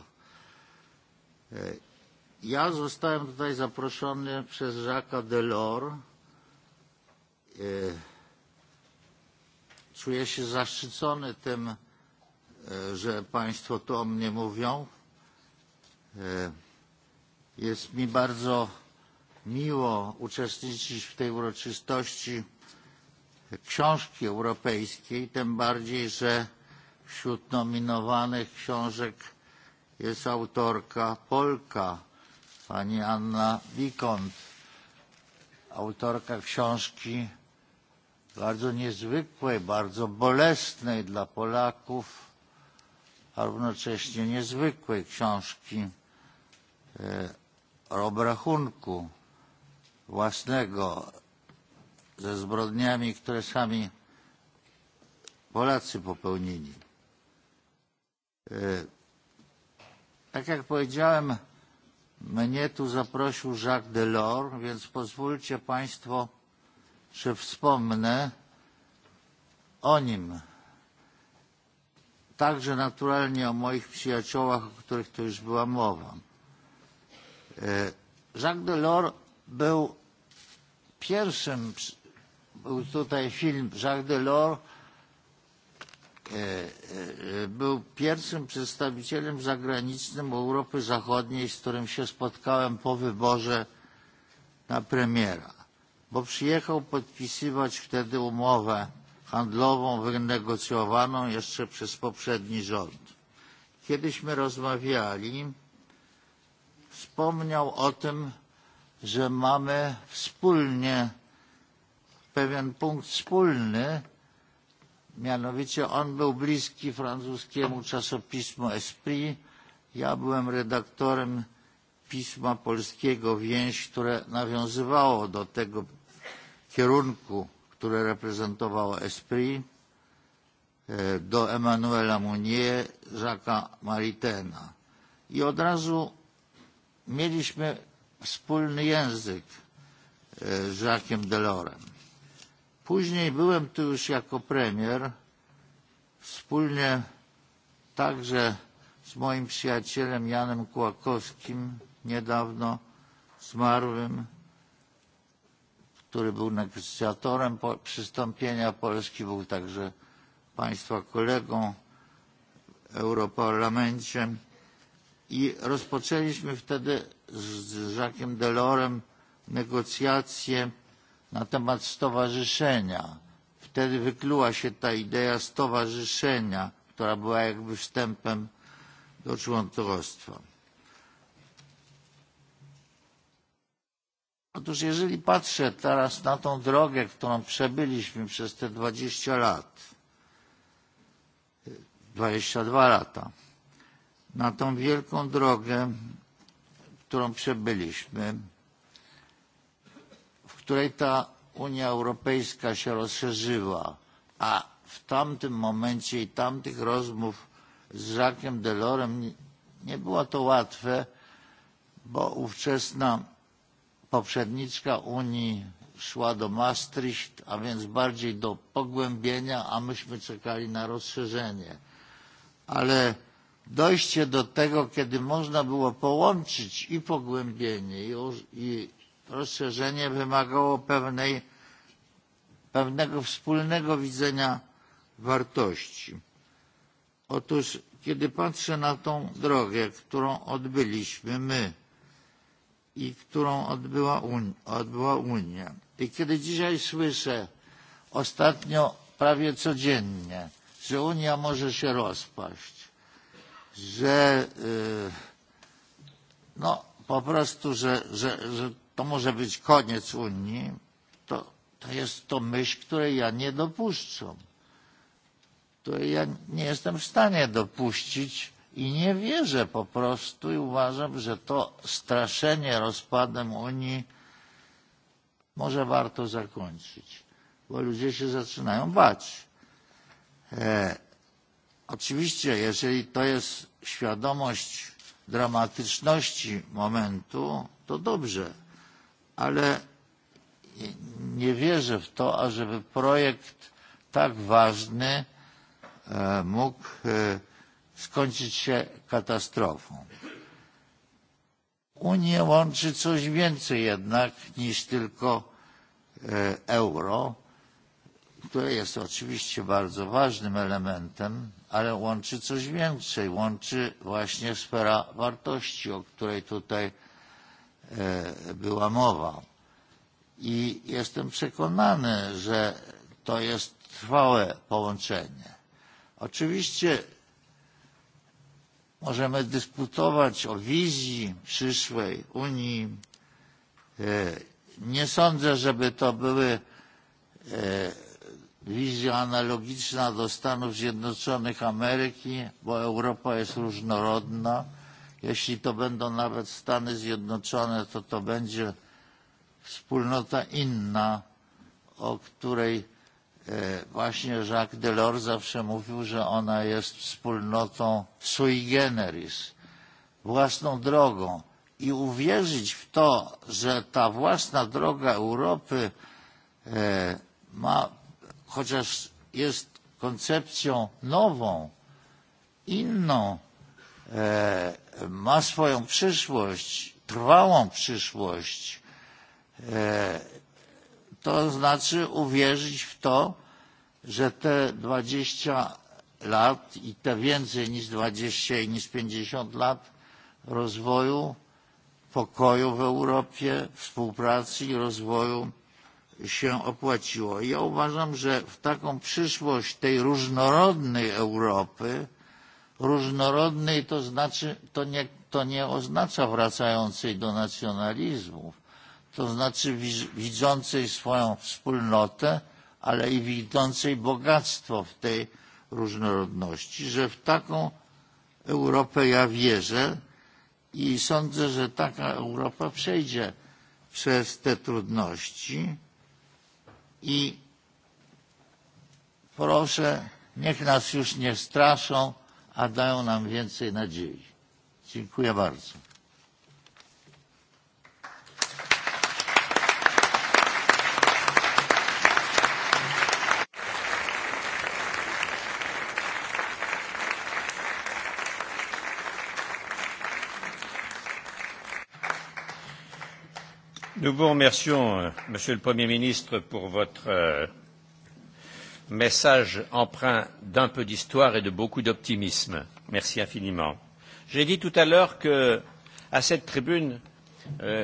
Ja zostałem tutaj zaproszony przez Jacques Delors. Czuję się zaszczycony tym, że Państwo to o mnie mówią. Jest mi bardzo miło uczestniczyć w tej uroczystości książki europejskiej, tym bardziej, że wśród nominowanych książek jest autorka Polka, pani Anna Wikont, autorka książki bardzo niezwykłej, bardzo bolesnej dla Polaków, a równocześnie niezwykłej książki o obrachunku własnego ze zbrodniami, które sami Polacy popełnili. Tak jak powiedziałem, mnie tu zaprosił Jacques Delors, więc pozwólcie Państwo, że wspomnę o nim. Także naturalnie o moich przyjaciołach, o których to już była mowa. Jacques Delors był pierwszym, był tutaj film Jacques Delors, był pierwszym przedstawicielem zagranicznym Europy Zachodniej, z którym się spotkałem po wyborze na premiera, bo przyjechał podpisywać wtedy umowę handlową wynegocjowaną jeszcze przez poprzedni rząd. Kiedyśmy rozmawiali, wspomniał o tym, że mamy wspólnie pewien punkt wspólny Mianowicie on był bliski francuskiemu czasopismu Esprit. Ja byłem redaktorem pisma polskiego Więź, które nawiązywało do tego kierunku, który reprezentowało Esprit, do Emanuela Mounier, Jacques'a Maritena. I od razu mieliśmy wspólny język z Jacques'em Delorem Później byłem tu już jako premier, wspólnie także z moim przyjacielem Janem Kłakowskim, niedawno zmarłym, który był negocjatorem przystąpienia Polski, był także Państwa kolegą w Europarlamencie. I rozpoczęliśmy wtedy z Jacquesem Delorem negocjacje na temat stowarzyszenia. Wtedy wykluła się ta idea stowarzyszenia, która była jakby wstępem do członkostwa. Otóż jeżeli patrzę teraz na tą drogę, którą przebyliśmy przez te 20 lat, 22 lata, na tą wielką drogę, którą przebyliśmy, której ta Unia Europejska się rozszerzyła, a w tamtym momencie i tamtych rozmów z Jacquesem Delorem nie było to łatwe, bo ówczesna poprzedniczka Unii szła do Maastricht, a więc bardziej do pogłębienia, a myśmy czekali na rozszerzenie. Ale dojście do tego, kiedy można było połączyć i pogłębienie, i rozszerzenie wymagało pewnej, pewnego wspólnego widzenia wartości. Otóż, kiedy patrzę na tą drogę, którą odbyliśmy my i którą odbyła, odbyła Unia, i kiedy dzisiaj słyszę ostatnio prawie codziennie, że Unia może się rozpaść, że no, po prostu, że, że, że to może być koniec Unii, to, to jest to myśl, której ja nie dopuszczam. To ja nie jestem w stanie dopuścić i nie wierzę po prostu i uważam, że to straszenie rozpadem Unii może warto zakończyć, bo ludzie się zaczynają bać. Oczywiście, jeżeli to jest świadomość dramatyczności momentu, to dobrze ale nie wierzę w to, ażeby projekt tak ważny mógł skończyć się katastrofą. Unię łączy coś więcej jednak niż tylko euro, które jest oczywiście bardzo ważnym elementem, ale łączy coś więcej. Łączy właśnie sfera wartości, o której tutaj była mowa. I jestem przekonany, że to jest trwałe połączenie. Oczywiście możemy dyskutować o wizji przyszłej Unii. Nie sądzę, żeby to były wizja analogiczna do Stanów Zjednoczonych Ameryki, bo Europa jest różnorodna Jeśli to będą nawet Stany Zjednoczone, to to będzie wspólnota inna, o której właśnie Jacques Delors zawsze mówił, że ona jest wspólnotą sui generis, własną drogą. I uwierzyć w to, że ta własna droga Europy ma, chociaż jest koncepcją nową, inną, ma swoją przyszłość, trwałą przyszłość, to znaczy uwierzyć w to, że te 20 lat i te więcej niż 20 i niż 50 lat rozwoju, pokoju w Europie, współpracy i rozwoju się opłaciło. Ja uważam, że w taką przyszłość tej różnorodnej Europy różnorodnej, to znaczy to nie, to nie oznacza wracającej do nacjonalizmów, to znaczy widzącej swoją wspólnotę, ale i widzącej bogactwo w tej różnorodności, że w taką Europę ja wierzę i sądzę, że taka Europa przejdzie przez te trudności i proszę, niech nas już nie straszą a dają nam więcej nadziei. Dziękuję bardzo. Nous vous remercions, Monsieur le Premier ministre, pour votre message empreint d'un peu d'histoire et de beaucoup d'optimisme. Merci infiniment. J'ai dit tout à l'heure que, à cette tribune,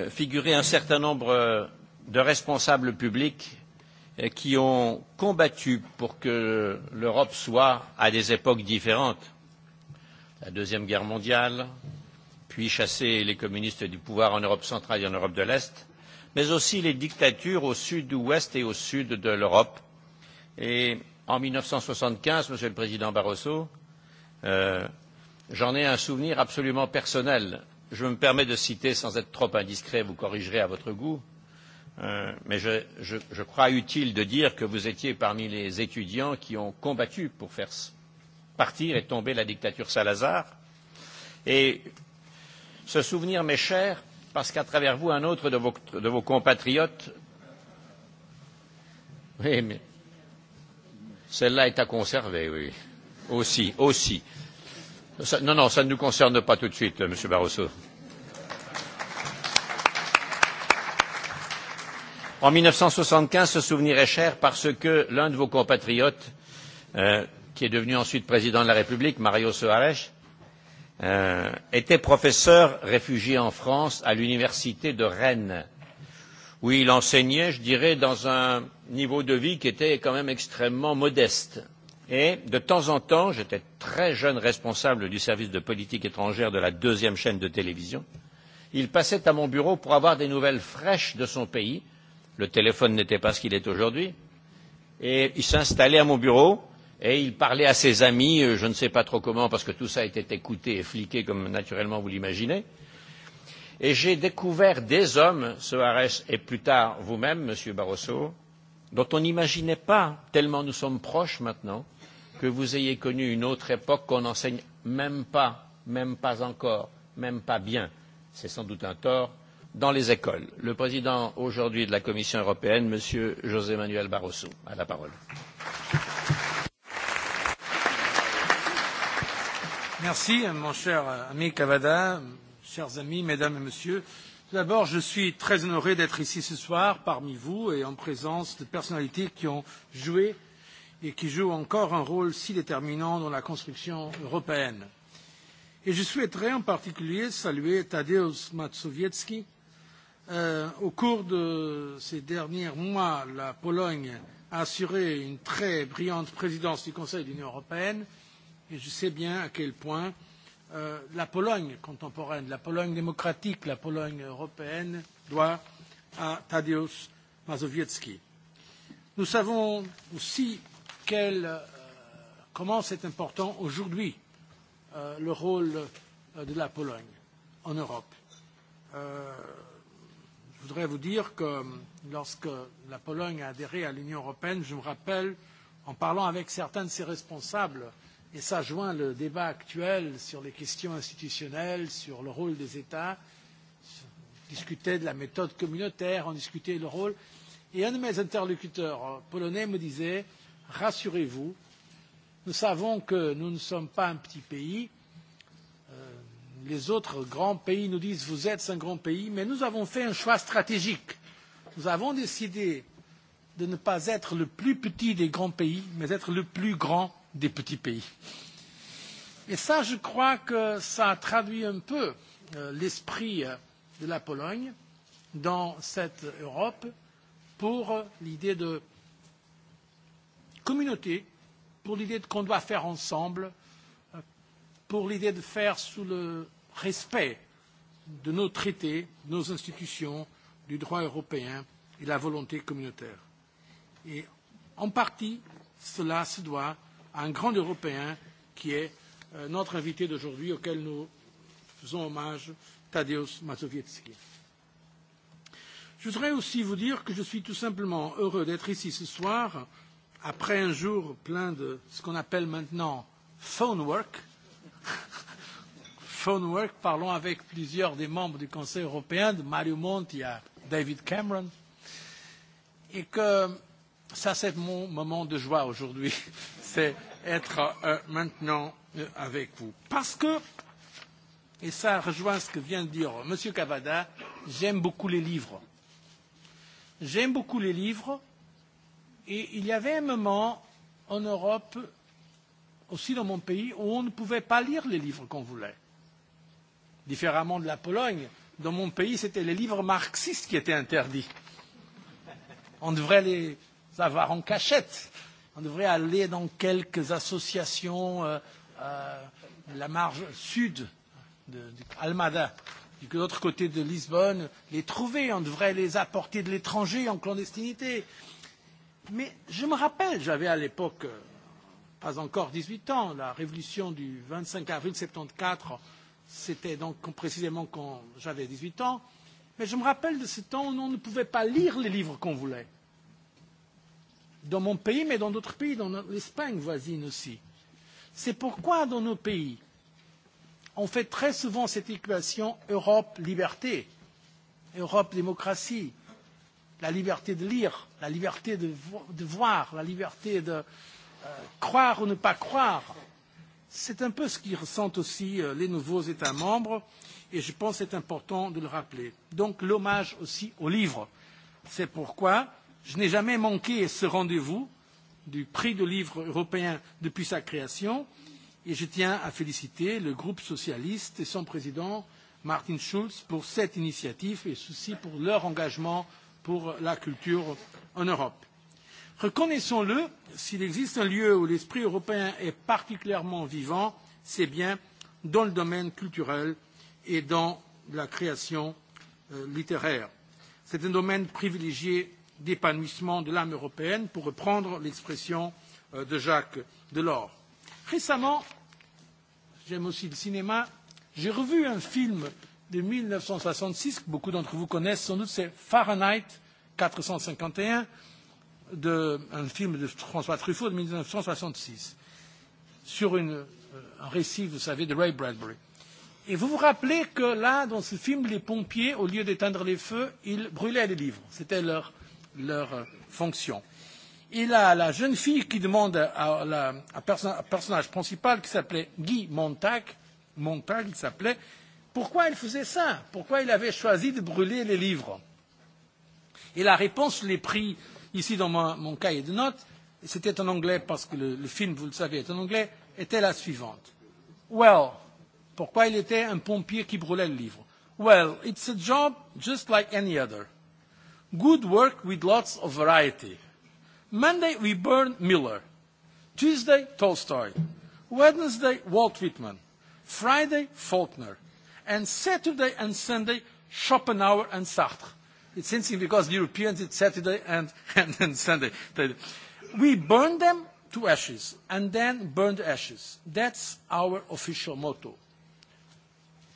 figuraient un certain nombre de responsables publics qui ont combattu pour que l'Europe soit, à des époques différentes, la Deuxième Guerre mondiale, puis chasser les communistes du pouvoir en Europe centrale et en Europe de l'Est, mais aussi les dictatures au sud-ouest et au sud de l'Europe, Et en 1975, Monsieur le Président Barroso, j'en ai un souvenir absolument personnel. Je me permets de citer, sans être trop indiscret, vous corrigerez à votre goût, mais je crois utile de dire que vous étiez parmi les étudiants qui ont combattu pour faire partir et tomber la dictature Salazar. Et ce souvenir m'est cher parce qu'à travers vous, un autre de vos compatriotes. Oui, mais Celle-là est à conserver, oui. Aussi, aussi. Non, non, ça ne nous concerne pas tout de suite, Monsieur Barroso. En 1975, ce souvenir est cher parce que l'un de vos compatriotes, qui est devenu ensuite président de la République, Mario Soares, était professeur réfugié en France à l'université de Rennes, où il enseignait, je dirais, dans un niveau de vie qui était quand même extrêmement modeste. Et de temps en temps, j'étais très jeune responsable du service de politique étrangère de la deuxième chaîne de télévision, il passait à mon bureau pour avoir des nouvelles fraîches de son pays. Le téléphone n'était pas ce qu'il est aujourd'hui. Et il s'installait à mon bureau et il parlait à ses amis, je ne sais pas trop comment, parce que tout ça était écouté et fliqué comme naturellement vous l'imaginez. Et j'ai découvert des hommes, ce et plus tard vous-même, Monsieur Barroso, dont on n'imaginait pas, tellement nous sommes proches maintenant, que vous ayez connu une autre époque qu'on n'enseigne même pas, même pas encore, même pas bien, c'est sans doute un tort, dans les écoles. Le président aujourd'hui de la Commission européenne, M. José Manuel Barroso, a la parole. Merci, mon cher ami Cavada, chers amis, mesdames et messieurs. Tout d'abord, je suis très honoré d'être ici ce soir parmi vous et en présence de personnalités qui ont joué et qui jouent encore un rôle si déterminant dans la construction européenne. Et je souhaiterais en particulier saluer Tadeusz Mazowiecki. Au cours de ces derniers mois, la Pologne a assuré une très brillante présidence du Conseil de l'Union européenne et je sais bien à quel point la Pologne contemporaine, la Pologne démocratique, la Pologne européenne doit à Tadeusz Mazowiecki. Nous savons aussi comment c'est important aujourd'hui le rôle de la Pologne en Europe. Je voudrais vous dire que lorsque la Pologne a adhéré à l'Union européenne, je me rappelle, en parlant avec certains de ses responsables et ça joint le débat actuel sur les questions institutionnelles, sur le rôle des États. On discutait de la méthode communautaire, on discutait le rôle. Et un de mes interlocuteurs polonais me disait, rassurez-vous, nous savons que nous ne sommes pas un petit pays. Les autres grands pays nous disent, vous êtes un grand pays, mais nous avons fait un choix stratégique. Nous avons décidé de ne pas être le plus petit des grands pays, mais d'être le plus grand des petits pays. Et ça, je crois que ça traduit un peu l'esprit de la Pologne dans cette Europe pour l'idée de communauté, pour l'idée de qu'on doit faire ensemble, pour l'idée de faire sous le respect de nos traités, de nos institutions, du droit européen et la volonté communautaire. Et en partie, cela se doit un grand Européen qui est notre invité d'aujourd'hui, auquel nous faisons hommage, Tadeusz Mazowiecki. Je voudrais aussi vous dire que je suis tout simplement heureux d'être ici ce soir, après un jour plein de ce qu'on appelle maintenant phone work. Phone work, parlons avec plusieurs des membres du Conseil européen, de Mario Monti à David Cameron, et que Ça, c'est mon moment de joie aujourd'hui. C'est être maintenant avec vous. Parce que, et ça rejoint ce que vient de dire M. Cavada, j'aime beaucoup les livres. J'aime beaucoup les livres. Et il y avait un moment en Europe, aussi dans mon pays, où on ne pouvait pas lire les livres qu'on voulait. Différemment de la Pologne, dans mon pays, c'était les livres marxistes qui étaient interdits. On devrait les avoir en cachette. On devrait aller dans quelques associations, la marge sud de Almada, de l'autre côté de Lisbonne, les trouver. On devrait les apporter de l'étranger en clandestinité. Mais je me rappelle, j'avais à l'époque pas encore 18 ans, la révolution du 25 avril 74, c'était donc précisément quand j'avais 18 ans, mais je me rappelle de ce temps où on ne pouvait pas lire les livres qu'on voulait dans mon pays, mais dans d'autres pays, dans l'Espagne voisine aussi. C'est pourquoi, dans nos pays, on fait très souvent cette équation Europe liberté, Europe démocratie, la liberté de lire, la liberté de voir, la liberté de croire ou ne pas croire. C'est un peu ce qu'ils ressentent aussi les nouveaux États membres, et je pense que c'est important de le rappeler. Donc l'hommage aussi aux livres, C'est pourquoi Je n'ai jamais manqué ce rendez-vous du prix du livre européen depuis sa création et je tiens à féliciter le groupe socialiste et son président Martin Schulz pour cette initiative et ceci pour leur engagement pour la culture en Europe. Reconnaissons-le, s'il existe un lieu où l'esprit européen est particulièrement vivant, c'est bien dans le domaine culturel et dans la création littéraire. C'est un domaine privilégié d'épanouissement de l'âme européenne, pour reprendre l'expression de Jacques Delors. Récemment, j'aime aussi le cinéma, j'ai revu un film de 1966 que beaucoup d'entre vous connaissent sans doute, c'est Fahrenheit 451, un film de François Truffaut de 1966, sur un récit, vous savez, de Ray Bradbury. Et vous vous rappelez que là, dans ce film, les pompiers, au lieu d'éteindre les feux, ils brûlaient les livres. C'était leur leur fonction. Et la jeune fille qui demande à un personnage principal qui s'appelait Guy Montag, Montag il s'appelait, pourquoi il faisait ça, pourquoi il avait choisi de brûler les livres. Et la réponse, je l'ai pris ici dans mon cahier de notes, c'était en anglais parce que le film, vous le savez, est en anglais, était la suivante. Well, pourquoi il était un pompier qui brûlait le livre Well, it's a job just like any other. Good work with lots of variety. Monday we burn Miller. Tuesday Tolstoy. Wednesday Walt Whitman. Friday Faulkner. And Saturday and Sunday Schopenhauer and Sartre. It's interesting because the Europeans it's Saturday and, and, Sunday. We burn them to ashes and then burn the ashes. That's our official motto.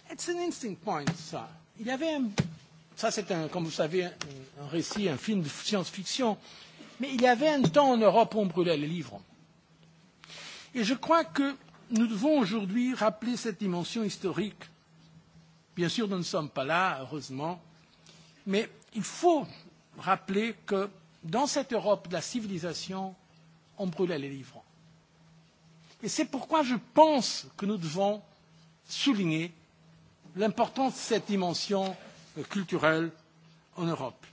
It's an interesting point, sir. Il y avait un Ça, c'est, comme vous savez, un récit, un film de science-fiction. Mais il y avait un temps en Europe où on brûlait les livres. Et je crois que nous devons aujourd'hui rappeler cette dimension historique. Bien sûr, nous ne sommes pas là, heureusement. Mais il faut rappeler que dans cette Europe de la civilisation, on brûlait les livres. Et c'est pourquoi je pense que nous devons souligner l'importance de cette dimension culturelle en Europe.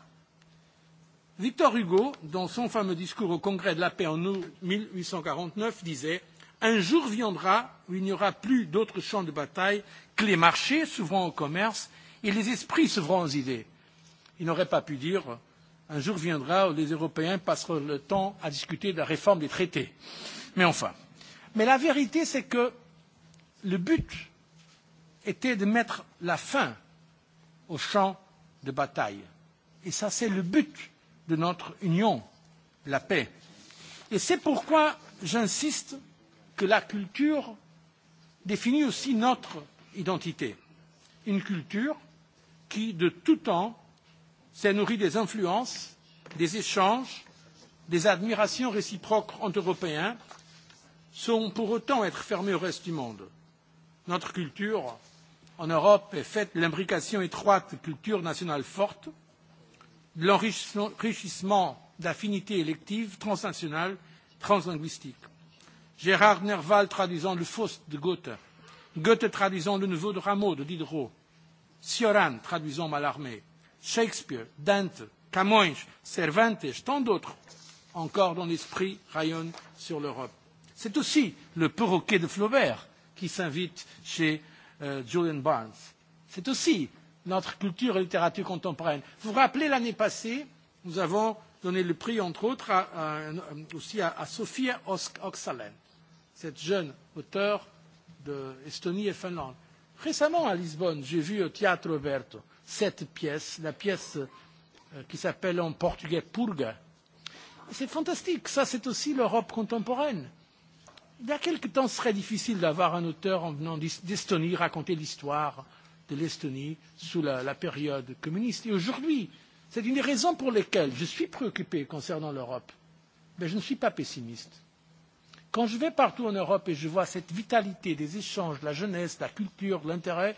Victor Hugo, dans son fameux discours au Congrès de la paix en août 1849, disait Un jour viendra où il n'y aura plus d'autres champs de bataille que les marchés s'ouvrant au commerce et les esprits s'ouvrant aux idées. Il n'aurait pas pu dire Un jour viendra où les Européens passeront le temps à discuter de la réforme des traités. Mais enfin. Mais la vérité, c'est que le but était de mettre la fin au champ de bataille. Et ça, c'est le but de notre union, la paix. Et c'est pourquoi j'insiste que la culture définit aussi notre identité. Une culture qui, de tout temps, s'est nourrie des influences, des échanges, des admirations réciproques entre Européens, sans pour autant être fermée au reste du monde. Notre culture en Europe est faite l'imbrication étroite de cultures nationales fortes, de l'enrichissement d'affinités électives transnationales, translinguistiques. Gérard Nerval traduisant le Faust de Goethe, Goethe traduisant le Nouveau de Rameau de Diderot, Cioran traduisant Mallarmé, Shakespeare, Dante, Camões, Cervantes, tant d'autres encore dont l'esprit rayonne sur l'Europe. C'est aussi le perroquet de Flaubert qui s'invite chez Julian Barnes. C'est aussi notre culture et littérature contemporaine. Vous vous rappelez, l'année passée, nous avons donné le prix, entre autres, aussi à Sofia Oxalen, cette jeune auteure d'Estonie et Finlande. Récemment, à Lisbonne, j'ai vu au Théâtre Roberto cette pièce, la pièce qui s'appelle en portugais Purga. C'est fantastique, ça c'est aussi l'Europe contemporaine. Il y a quelque temps, ce serait difficile d'avoir un auteur en venant d'Estonie raconter l'histoire de l'Estonie sous la période communiste. Et aujourd'hui, c'est une des raisons pour lesquelles je suis préoccupé concernant l'Europe. Mais je ne suis pas pessimiste. Quand je vais partout en Europe et je vois cette vitalité des échanges, de la jeunesse, de la culture, de l'intérêt,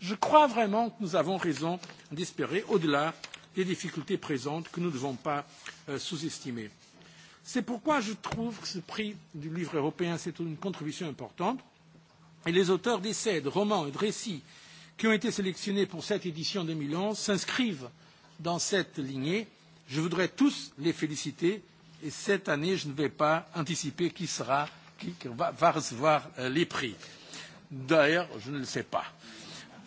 je crois vraiment que nous avons raison d'espérer, au-delà des difficultés présentes, que nous ne devons pas sous-estimer. C'est pourquoi je trouve que ce prix du livre européen, c'est une contribution importante. Et les auteurs d'essais, de romans et de récits qui ont été sélectionnés pour cette édition 2011 s'inscrivent dans cette lignée. Je voudrais tous les féliciter. Et cette année, je ne vais pas anticiper qui sera, qui va recevoir les prix. D'ailleurs, je ne le sais pas.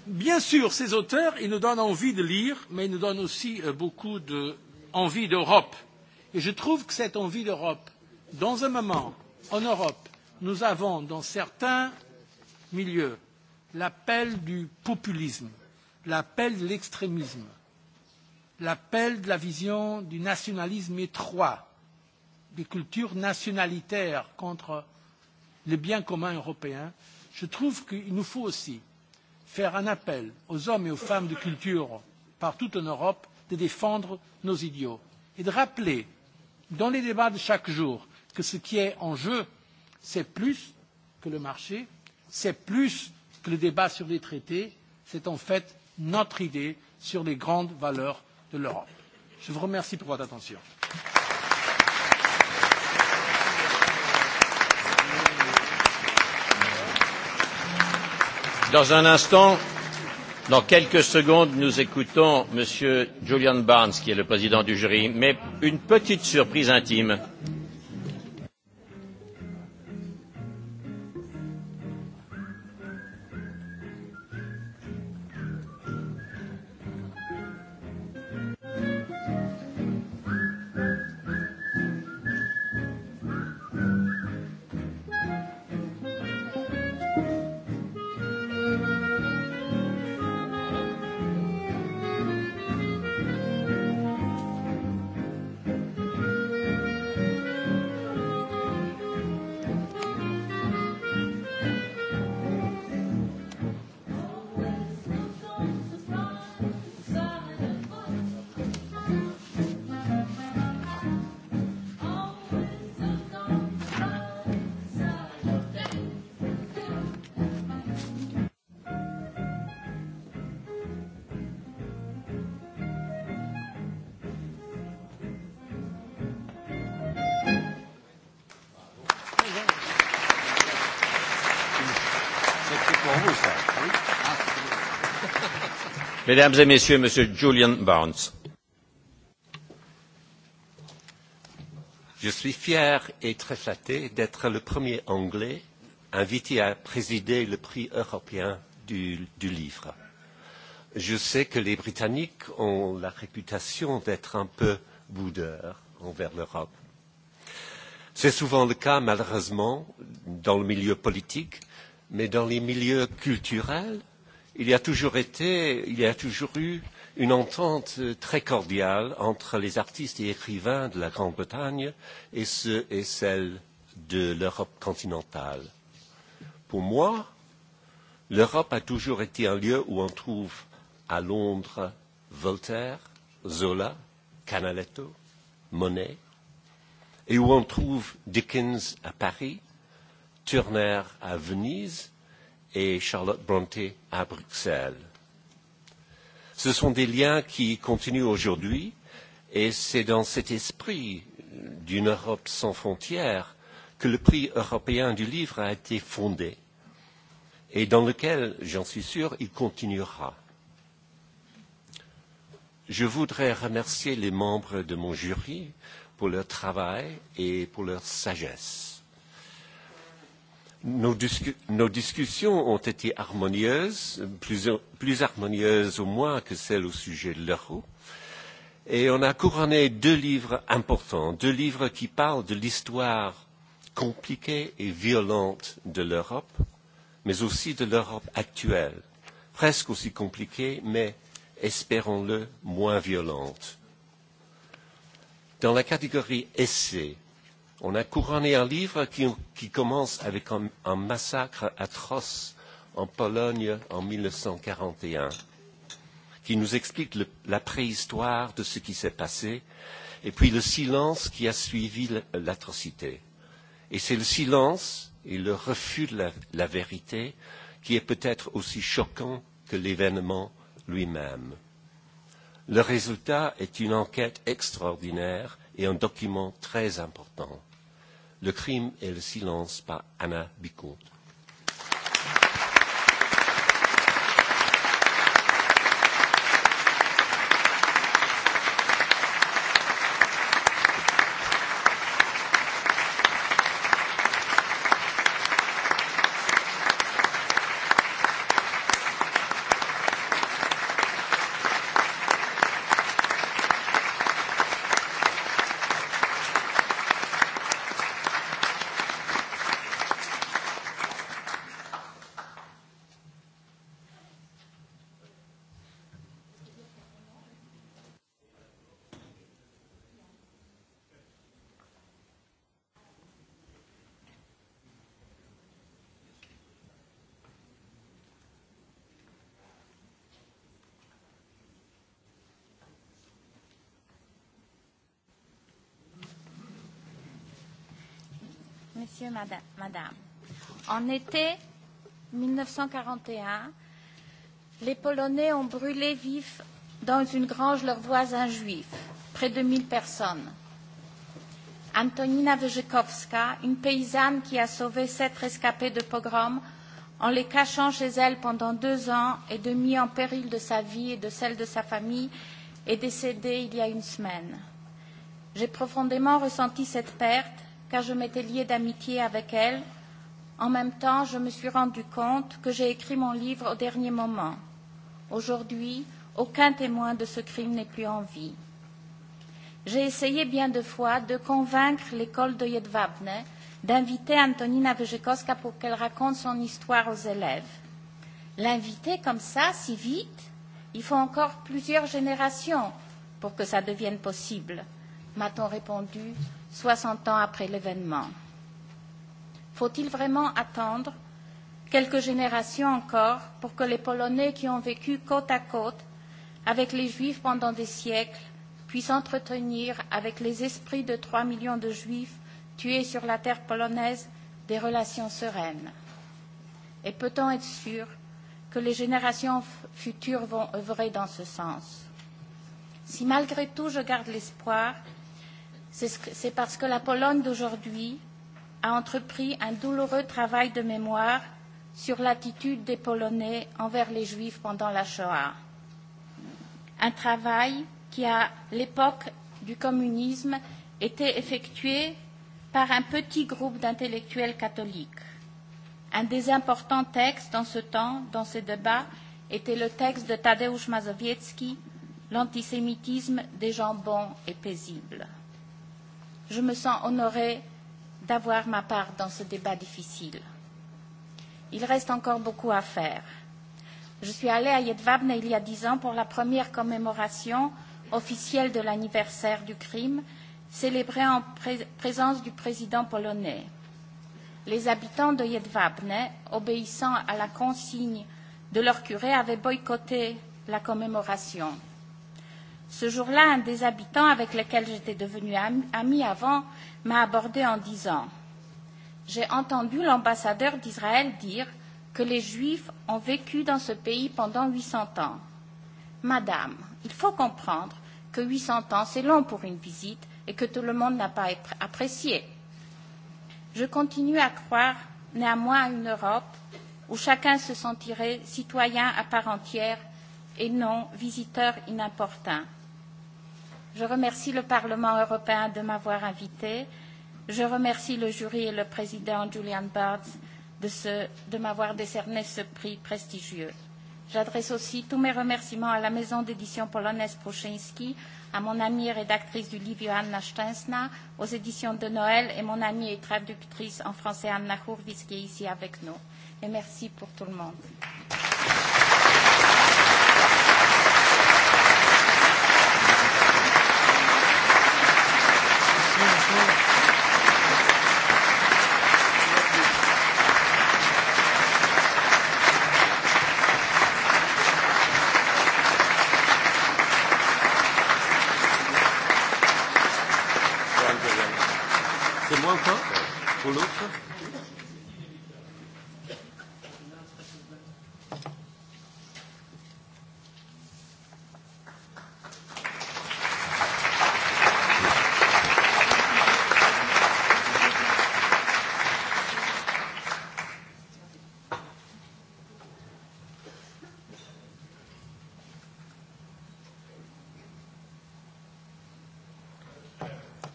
Bien sûr, ces auteurs, ils nous donnent envie de lire, mais ils nous donnent aussi beaucoup d'envie d'Europe Et je trouve que cette envie d'Europe, dans un moment, en Europe, nous avons dans certains milieux l'appel du populisme, l'appel de l'extrémisme, l'appel de la vision du nationalisme étroit, des cultures nationalitaires contre le bien commun européen, je trouve qu'il nous faut aussi faire un appel aux hommes et aux femmes de culture partout en Europe de défendre nos idiots et de rappeler dans les débats de chaque jour que ce qui est en jeu, c'est plus que le marché, c'est plus que le débat sur les traités, c'est en fait notre idée sur les grandes valeurs de l'Europe. Je vous remercie pour votre attention. Dans un instant, Dans quelques secondes, nous écoutons M. Julian Barnes, qui est le président du jury, mais une petite surprise intime. Mesdames et Messieurs, Monsieur Julian Barnes. Je suis fier et très flatté d'être le premier Anglais invité à présider le prix européen du livre. Je sais que les Britanniques ont la réputation d'être un peu boudeurs envers l'Europe. C'est souvent le cas, malheureusement, dans le milieu politique, mais dans les milieux culturels, il y a toujours été, il y a toujours eu une entente très cordiale entre les artistes et écrivains de la Grande-Bretagne et ceux et celles de l'Europe continentale. Pour moi, l'Europe a toujours été un lieu où on trouve à Londres Voltaire, Zola, Canaletto, Monet, et où on trouve Dickens à Paris, Turner à Venise, et Charlotte Brontë à Bruxelles. Ce sont des liens qui continuent aujourd'hui et c'est dans cet esprit d'une Europe sans frontières que le prix européen du livre a été fondé et dans lequel, j'en suis sûr, il continuera. Je voudrais remercier les membres de mon jury pour leur travail et pour leur sagesse. Nos discussions ont été harmonieuses, plus harmonieuses au moins que celles au sujet de l'euro, et on a couronné deux livres importants, deux livres qui parlent de l'histoire compliquée et violente de l'Europe, mais aussi de l'Europe actuelle, presque aussi compliquée, mais espérons-le moins violente. Dans la catégorie essai, On a couronné un livre qui commence avec un massacre atroce en Pologne en 1941, qui nous explique la préhistoire de ce qui s'est passé, et puis le silence qui a suivi l'atrocité. Et c'est le silence et le refus de la vérité qui est peut-être aussi choquant que l'événement lui-même. Le résultat est une enquête extraordinaire et un document très important, Le crime et le silence par Anna Bicot. En été 1941, les Polonais ont brûlé vifs dans une grange leurs voisins juifs, près de 1000 personnes. Antonina Wyrzykowska, une paysanne qui a sauvé sept rescapés de pogrom en les cachant chez elle pendant deux ans et demi en péril de sa vie et de celle de sa famille, est décédée il y a une semaine. J'ai profondément ressenti cette perte car je m'étais liée d'amitié avec elle En même temps, je me suis rendu compte que j'ai écrit mon livre au dernier moment. Aujourd'hui, aucun témoin de ce crime n'est plus en vie. J'ai essayé bien de fois de convaincre l'école de Jedwabne d'inviter Antonina Vejekoska pour qu'elle raconte son histoire aux élèves. L'inviter comme ça, si vite, il faut encore plusieurs générations pour que ça devienne possible, m'a-t-on répondu, 60 ans après l'événement. Faut-il vraiment attendre quelques générations encore pour que les Polonais qui ont vécu côte à côte avec les Juifs pendant des siècles puissent entretenir avec les esprits de trois millions de Juifs tués sur la terre polonaise des relations sereines Et peut-on être sûr que les générations futures vont œuvrer dans ce sens Si malgré tout je garde l'espoir, c'est parce que la Pologne d'aujourd'hui a entrepris un douloureux travail de mémoire sur l'attitude des Polonais envers les Juifs pendant la Shoah. Un travail qui, à l'époque du communisme, était effectué par un petit groupe d'intellectuels catholiques. Un des importants textes dans ce temps, dans ces débats, était le texte de Tadeusz Mazowiecki, L'antisémitisme des gens bons et paisibles. Je me sens honorée d'avoir ma part dans ce débat difficile. Il reste encore beaucoup à faire. Je suis allée à Yedvabne il y a dix ans pour la première commémoration officielle de l'anniversaire du crime, célébrée en présence du président polonais. Les habitants de Yedvabne, obéissant à la consigne de leur curé, avaient boycotté la commémoration. Ce jour-là, un des habitants avec lequel j'étais devenue amie avant m'a abordé en disant J'ai entendu l'ambassadeur d'Israël dire que les Juifs ont vécu dans ce pays pendant 800 ans. Madame, il faut comprendre que 800 ans, c'est long pour une visite et que tout le monde n'a pas apprécié. Je continue à croire néanmoins à une Europe où chacun se sentirait citoyen à part entière et non visiteur inimportant. Je remercie le Parlement européen de m'avoir invité. Je remercie le jury et le président Julian Barnes de m'avoir décerné ce prix prestigieux. J'adresse aussi tous mes remerciements à la maison d'édition polonaise Pruszyński, à mon amie rédactrice du livre Joanna Stensna, aux éditions de Noël et mon amie et traductrice en français Anna Hurwitz qui est ici avec nous. Et merci pour tout le monde. Ευχαριστώ.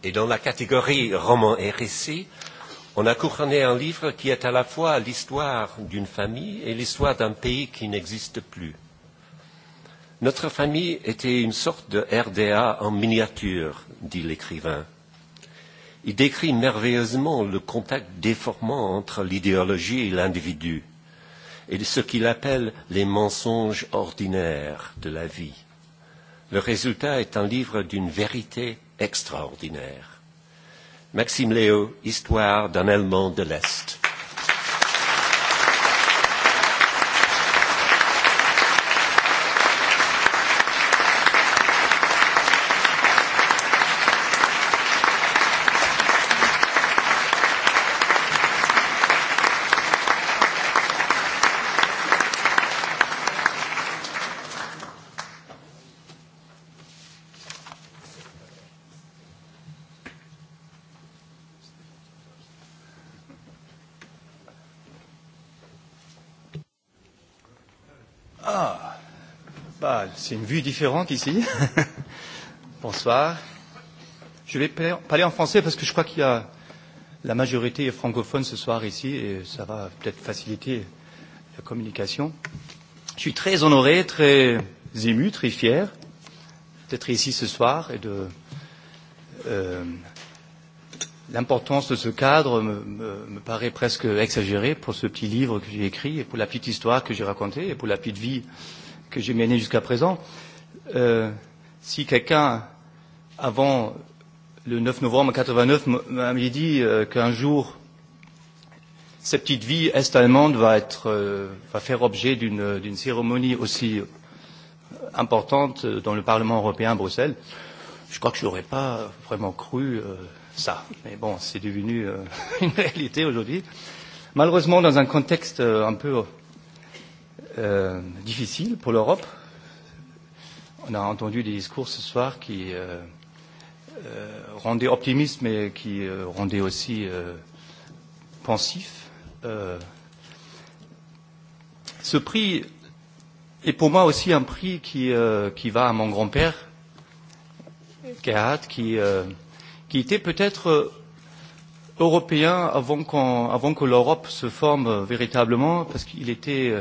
Et dans la catégorie roman et récit, on a couronné un livre qui est à la fois l'histoire d'une famille et l'histoire d'un pays qui n'existe plus. Notre famille était une sorte de RDA en miniature, dit l'écrivain. Il décrit merveilleusement le contact déformant entre l'idéologie et l'individu, et ce qu'il appelle les mensonges ordinaires de la vie. Le résultat est un livre d'une vérité extraordinaire. Maxime Léo, Histoire d'un Allemand de l'Est. C'est une vue différente ici. Bonsoir. Je vais parler en français parce que je crois qu'il y a la majorité francophone ce soir ici et ça va peut-être faciliter la communication. Je suis très honoré, très ému, très fier d'être ici ce soir et de l'importance de ce cadre me, paraît presque exagérée pour ce petit livre que j'ai écrit et pour la petite histoire que j'ai racontée et pour la petite vie que j'ai mené jusqu'à présent. Si quelqu'un, avant le 9 novembre 89, m'avait dit qu'un jour, cette petite vie est-allemande va faire objet d'une cérémonie aussi importante dans le Parlement européen à Bruxelles, je crois que je n'aurais pas vraiment cru ça. Mais bon, c'est devenu une réalité aujourd'hui. Malheureusement, dans un contexte un peu difficile pour l'Europe. On a entendu des discours ce soir qui rendaient optimistes mais qui rendaient aussi pensifs. Ce prix est pour moi aussi un prix qui va à mon grand-père, Gerhard, qui était peut-être européen avant que l'Europe se forme véritablement, parce qu'il était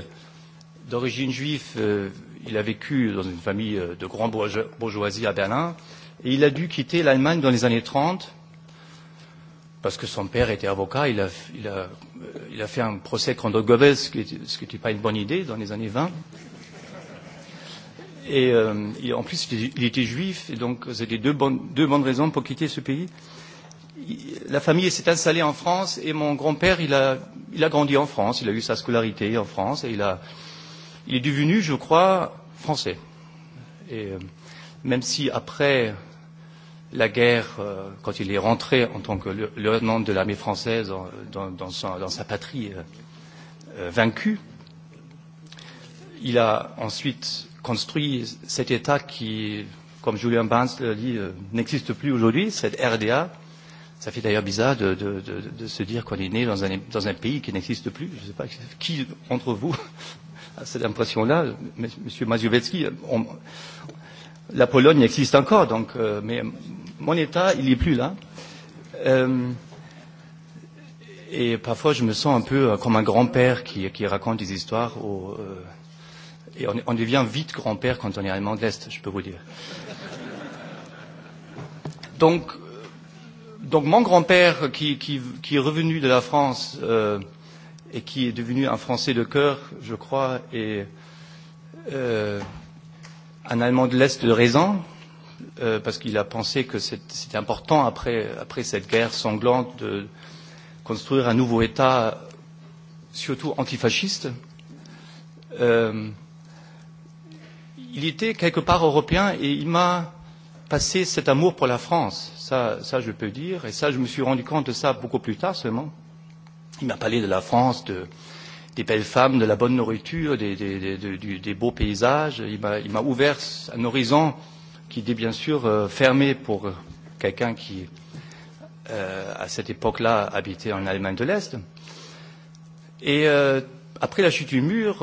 d'origine juive, il a vécu dans une famille de grande bourgeoisie à Berlin et il a dû quitter l'Allemagne dans les années 30 parce que son père était avocat, il a, il a, il a fait un procès contre Goebbels, ce qui n'était pas une bonne idée dans les années 20. Et, et en plus, il était juif, et donc c'était deux bonnes, deux bonnes raisons pour quitter ce pays. La famille s'est installée en France, et mon grand-père, il a, il a grandi en France, il a eu sa scolarité en France, et il a, Il est devenu, je crois, français. Et même si après la guerre, quand il est rentré en tant que lieutenant de l'armée française dans sa patrie vaincue, il a ensuite construit cet État qui, comme Julien Barnes l'a dit, n'existe plus aujourd'hui, cette RDA. Ça fait d'ailleurs bizarre de, de, de, se dire qu'on est né dans un, dans un pays qui n'existe plus. Je ne sais pas qui, entre vous, à cette impression-là, Monsieur Mazowiecki, la Pologne existe encore, donc, mais mon État, il n'est plus là. Et parfois, je me sens un peu comme un grand-père qui, qui raconte des histoires. Au, et on, on devient vite grand-père quand on est allemand de l'Est, je peux vous dire. Donc, donc mon grand-père qui, qui, qui est revenu de la France... Euh, et qui est devenu un Français de cœur, je crois, et euh, un Allemand de l'Est de raison, parce qu'il a pensé que c'était important, après, après cette guerre sanglante, de construire un nouveau État, surtout antifasciste. Euh, il était quelque part européen et il m'a passé cet amour pour la France, ça, ça je peux dire, et ça je me suis rendu compte de ça beaucoup plus tard seulement. Il m'a parlé de la France, de, des belles femmes, de la bonne nourriture, des, des, des, des, beaux paysages. Il m'a ouvert un horizon qui était bien sûr fermé pour quelqu'un qui, à cette époque-là, habitait en Allemagne de l'Est. Et après la chute du mur,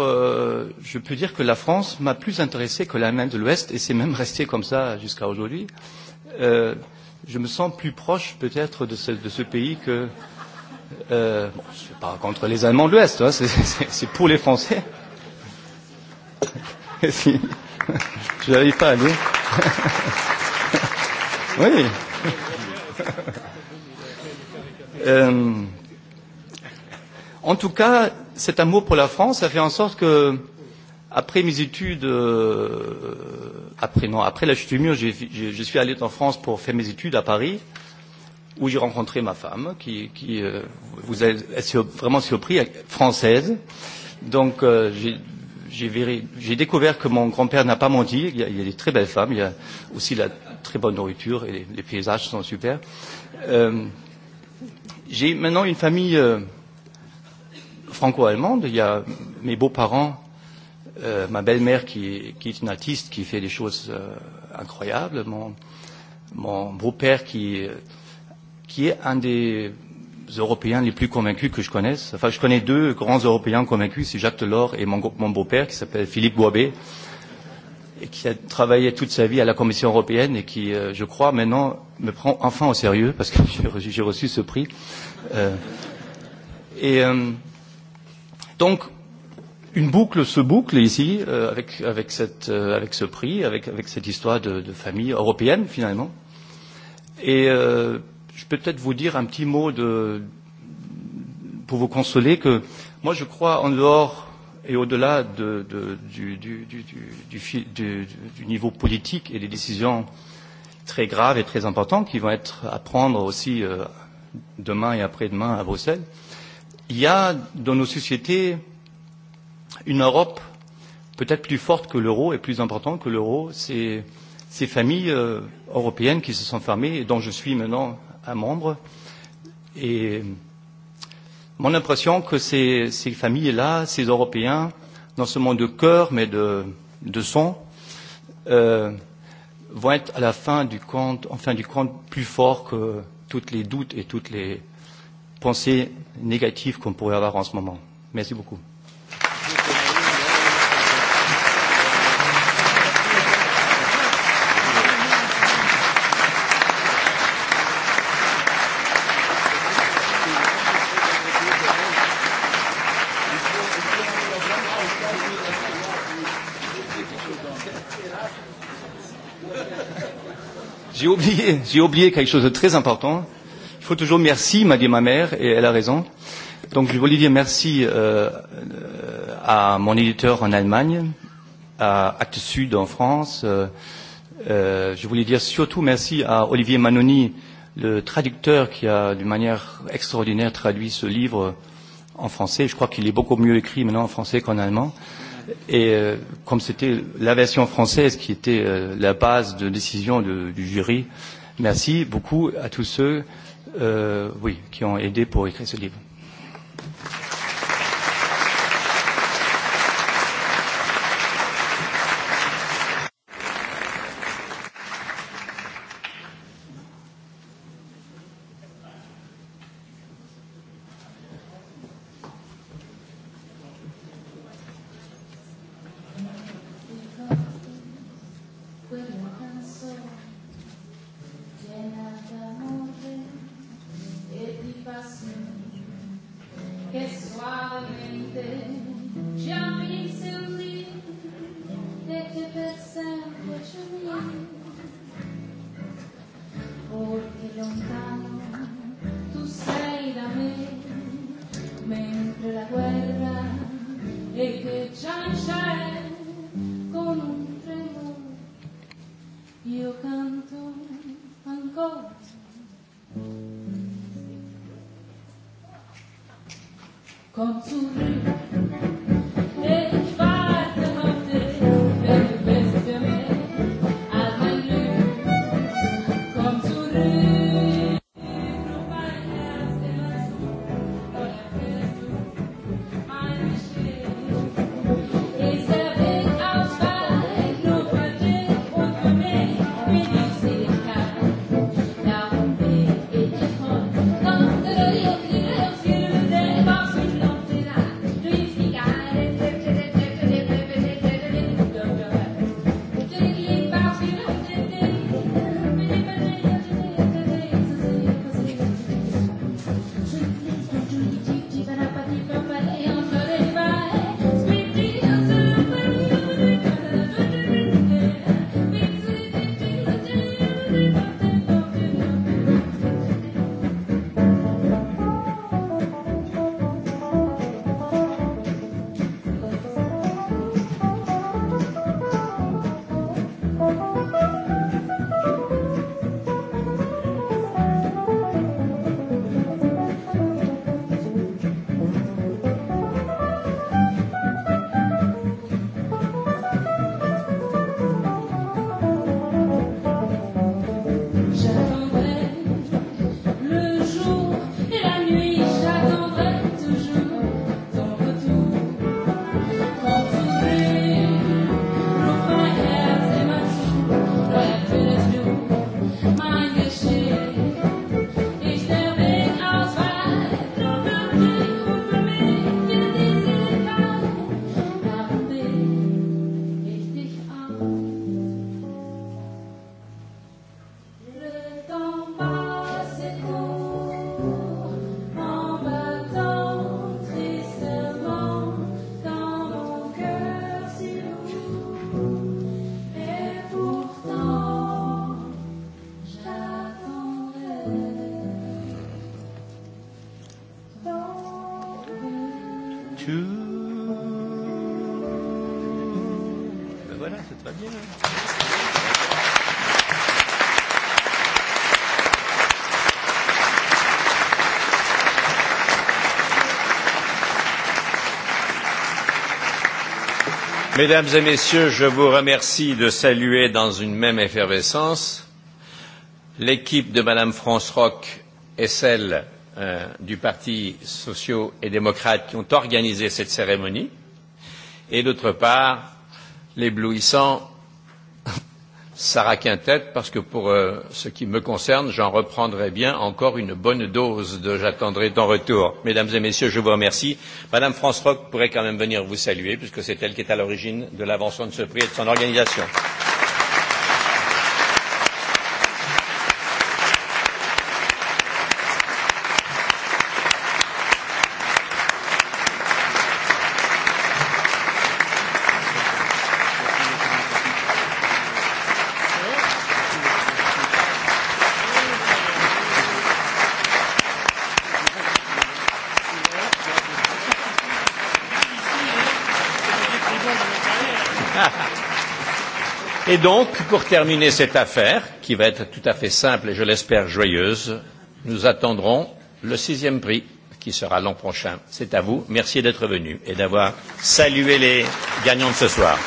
je peux dire que la France m'a plus intéressé que l'Allemagne de l'Ouest, et c'est même resté comme ça jusqu'à aujourd'hui. Je me sens plus proche peut-être de ce pays que Euh, bon, c'est pas contre les Allemands de l'Ouest, hein, c'est pour les Français. je n'arrive pas à aller oui. euh, en tout cas, cet amour pour la France a fait en sorte que, après mes études, après, non, après la chute du mur, je suis allé en France pour faire mes études à Paris où j'ai rencontré ma femme, qui, qui vous a vraiment surpris, française. Donc j'ai découvert que mon grand-père n'a pas menti. Il y, a, il y a des très belles femmes, il y a aussi la très bonne nourriture et les, paysages sont super. Euh, j'ai maintenant une famille franco-allemande. Il y a mes beaux-parents, ma belle-mère qui, qui est une artiste qui fait des choses incroyables, mon, mon beau-père qui qui est un des Européens les plus convaincus que je connaisse. Enfin, je connais deux grands Européens convaincus, c'est Jacques Delors et mon, mon beau-père, qui s'appelle Philippe Boabé, et qui a travaillé toute sa vie à la Commission européenne et qui, je crois, maintenant me prend enfin au sérieux, parce que j'ai reçu ce prix. et donc, une boucle se boucle ici, avec, avec, cette, avec ce prix, avec, avec cette histoire de, de famille européenne, finalement. Et je peux peut-être vous dire un petit mot de, pour vous consoler que moi je crois en dehors et au-delà de, de, du, du, du, du, du, du niveau politique et des décisions très graves et très importantes qui vont être à prendre aussi demain et après-demain à Bruxelles, il y a dans nos sociétés une Europe peut-être plus forte que l'euro et plus importante que l'euro. C'est ces familles européennes qui se sont fermées et dont je suis maintenant un membre. Et mon impression que ces, ces familles-là, ces Européens, non seulement de cœur, mais de, de son, euh, vont être à la fin du compte, en fin du compte, plus forts que tous les doutes et toutes les pensées négatives qu'on pourrait avoir en ce moment. Merci beaucoup. J'ai oublié, j'ai oublié quelque chose de très important. Il faut toujours merci, m'a dit ma mère, et elle a raison. Donc je voulais dire merci à mon éditeur en Allemagne, à Actes Sud en France. Euh, je voulais dire surtout merci à Olivier Manoni, le traducteur qui a d'une manière extraordinaire traduit ce livre en français. Je crois qu'il est beaucoup mieux écrit maintenant en français qu'en allemand. Et comme c'était la version française qui était la base de décision du jury, merci beaucoup à tous ceux oui, qui ont aidé pour écrire ce livre. Mesdames et messieurs, je vous remercie de saluer dans une même effervescence l'équipe de Madame France Rock et celle du Parti sociaux et démocrate qui ont organisé cette cérémonie et d'autre part l'éblouissant Sarah tête, parce que pour ce qui me concerne, j'en reprendrai bien encore une bonne dose de J'attendrai ton retour. Mesdames et messieurs, je vous remercie. Madame France Rock pourrait quand même venir vous saluer, puisque c'est elle qui est à l'origine de l'invention de ce prix et de son organisation. Et donc, pour terminer cette affaire, qui va être tout à fait simple et je l'espère joyeuse, nous attendrons le sixième prix, qui sera l'an prochain. C'est à vous. Merci d'être venu et d'avoir salué les gagnants de ce soir.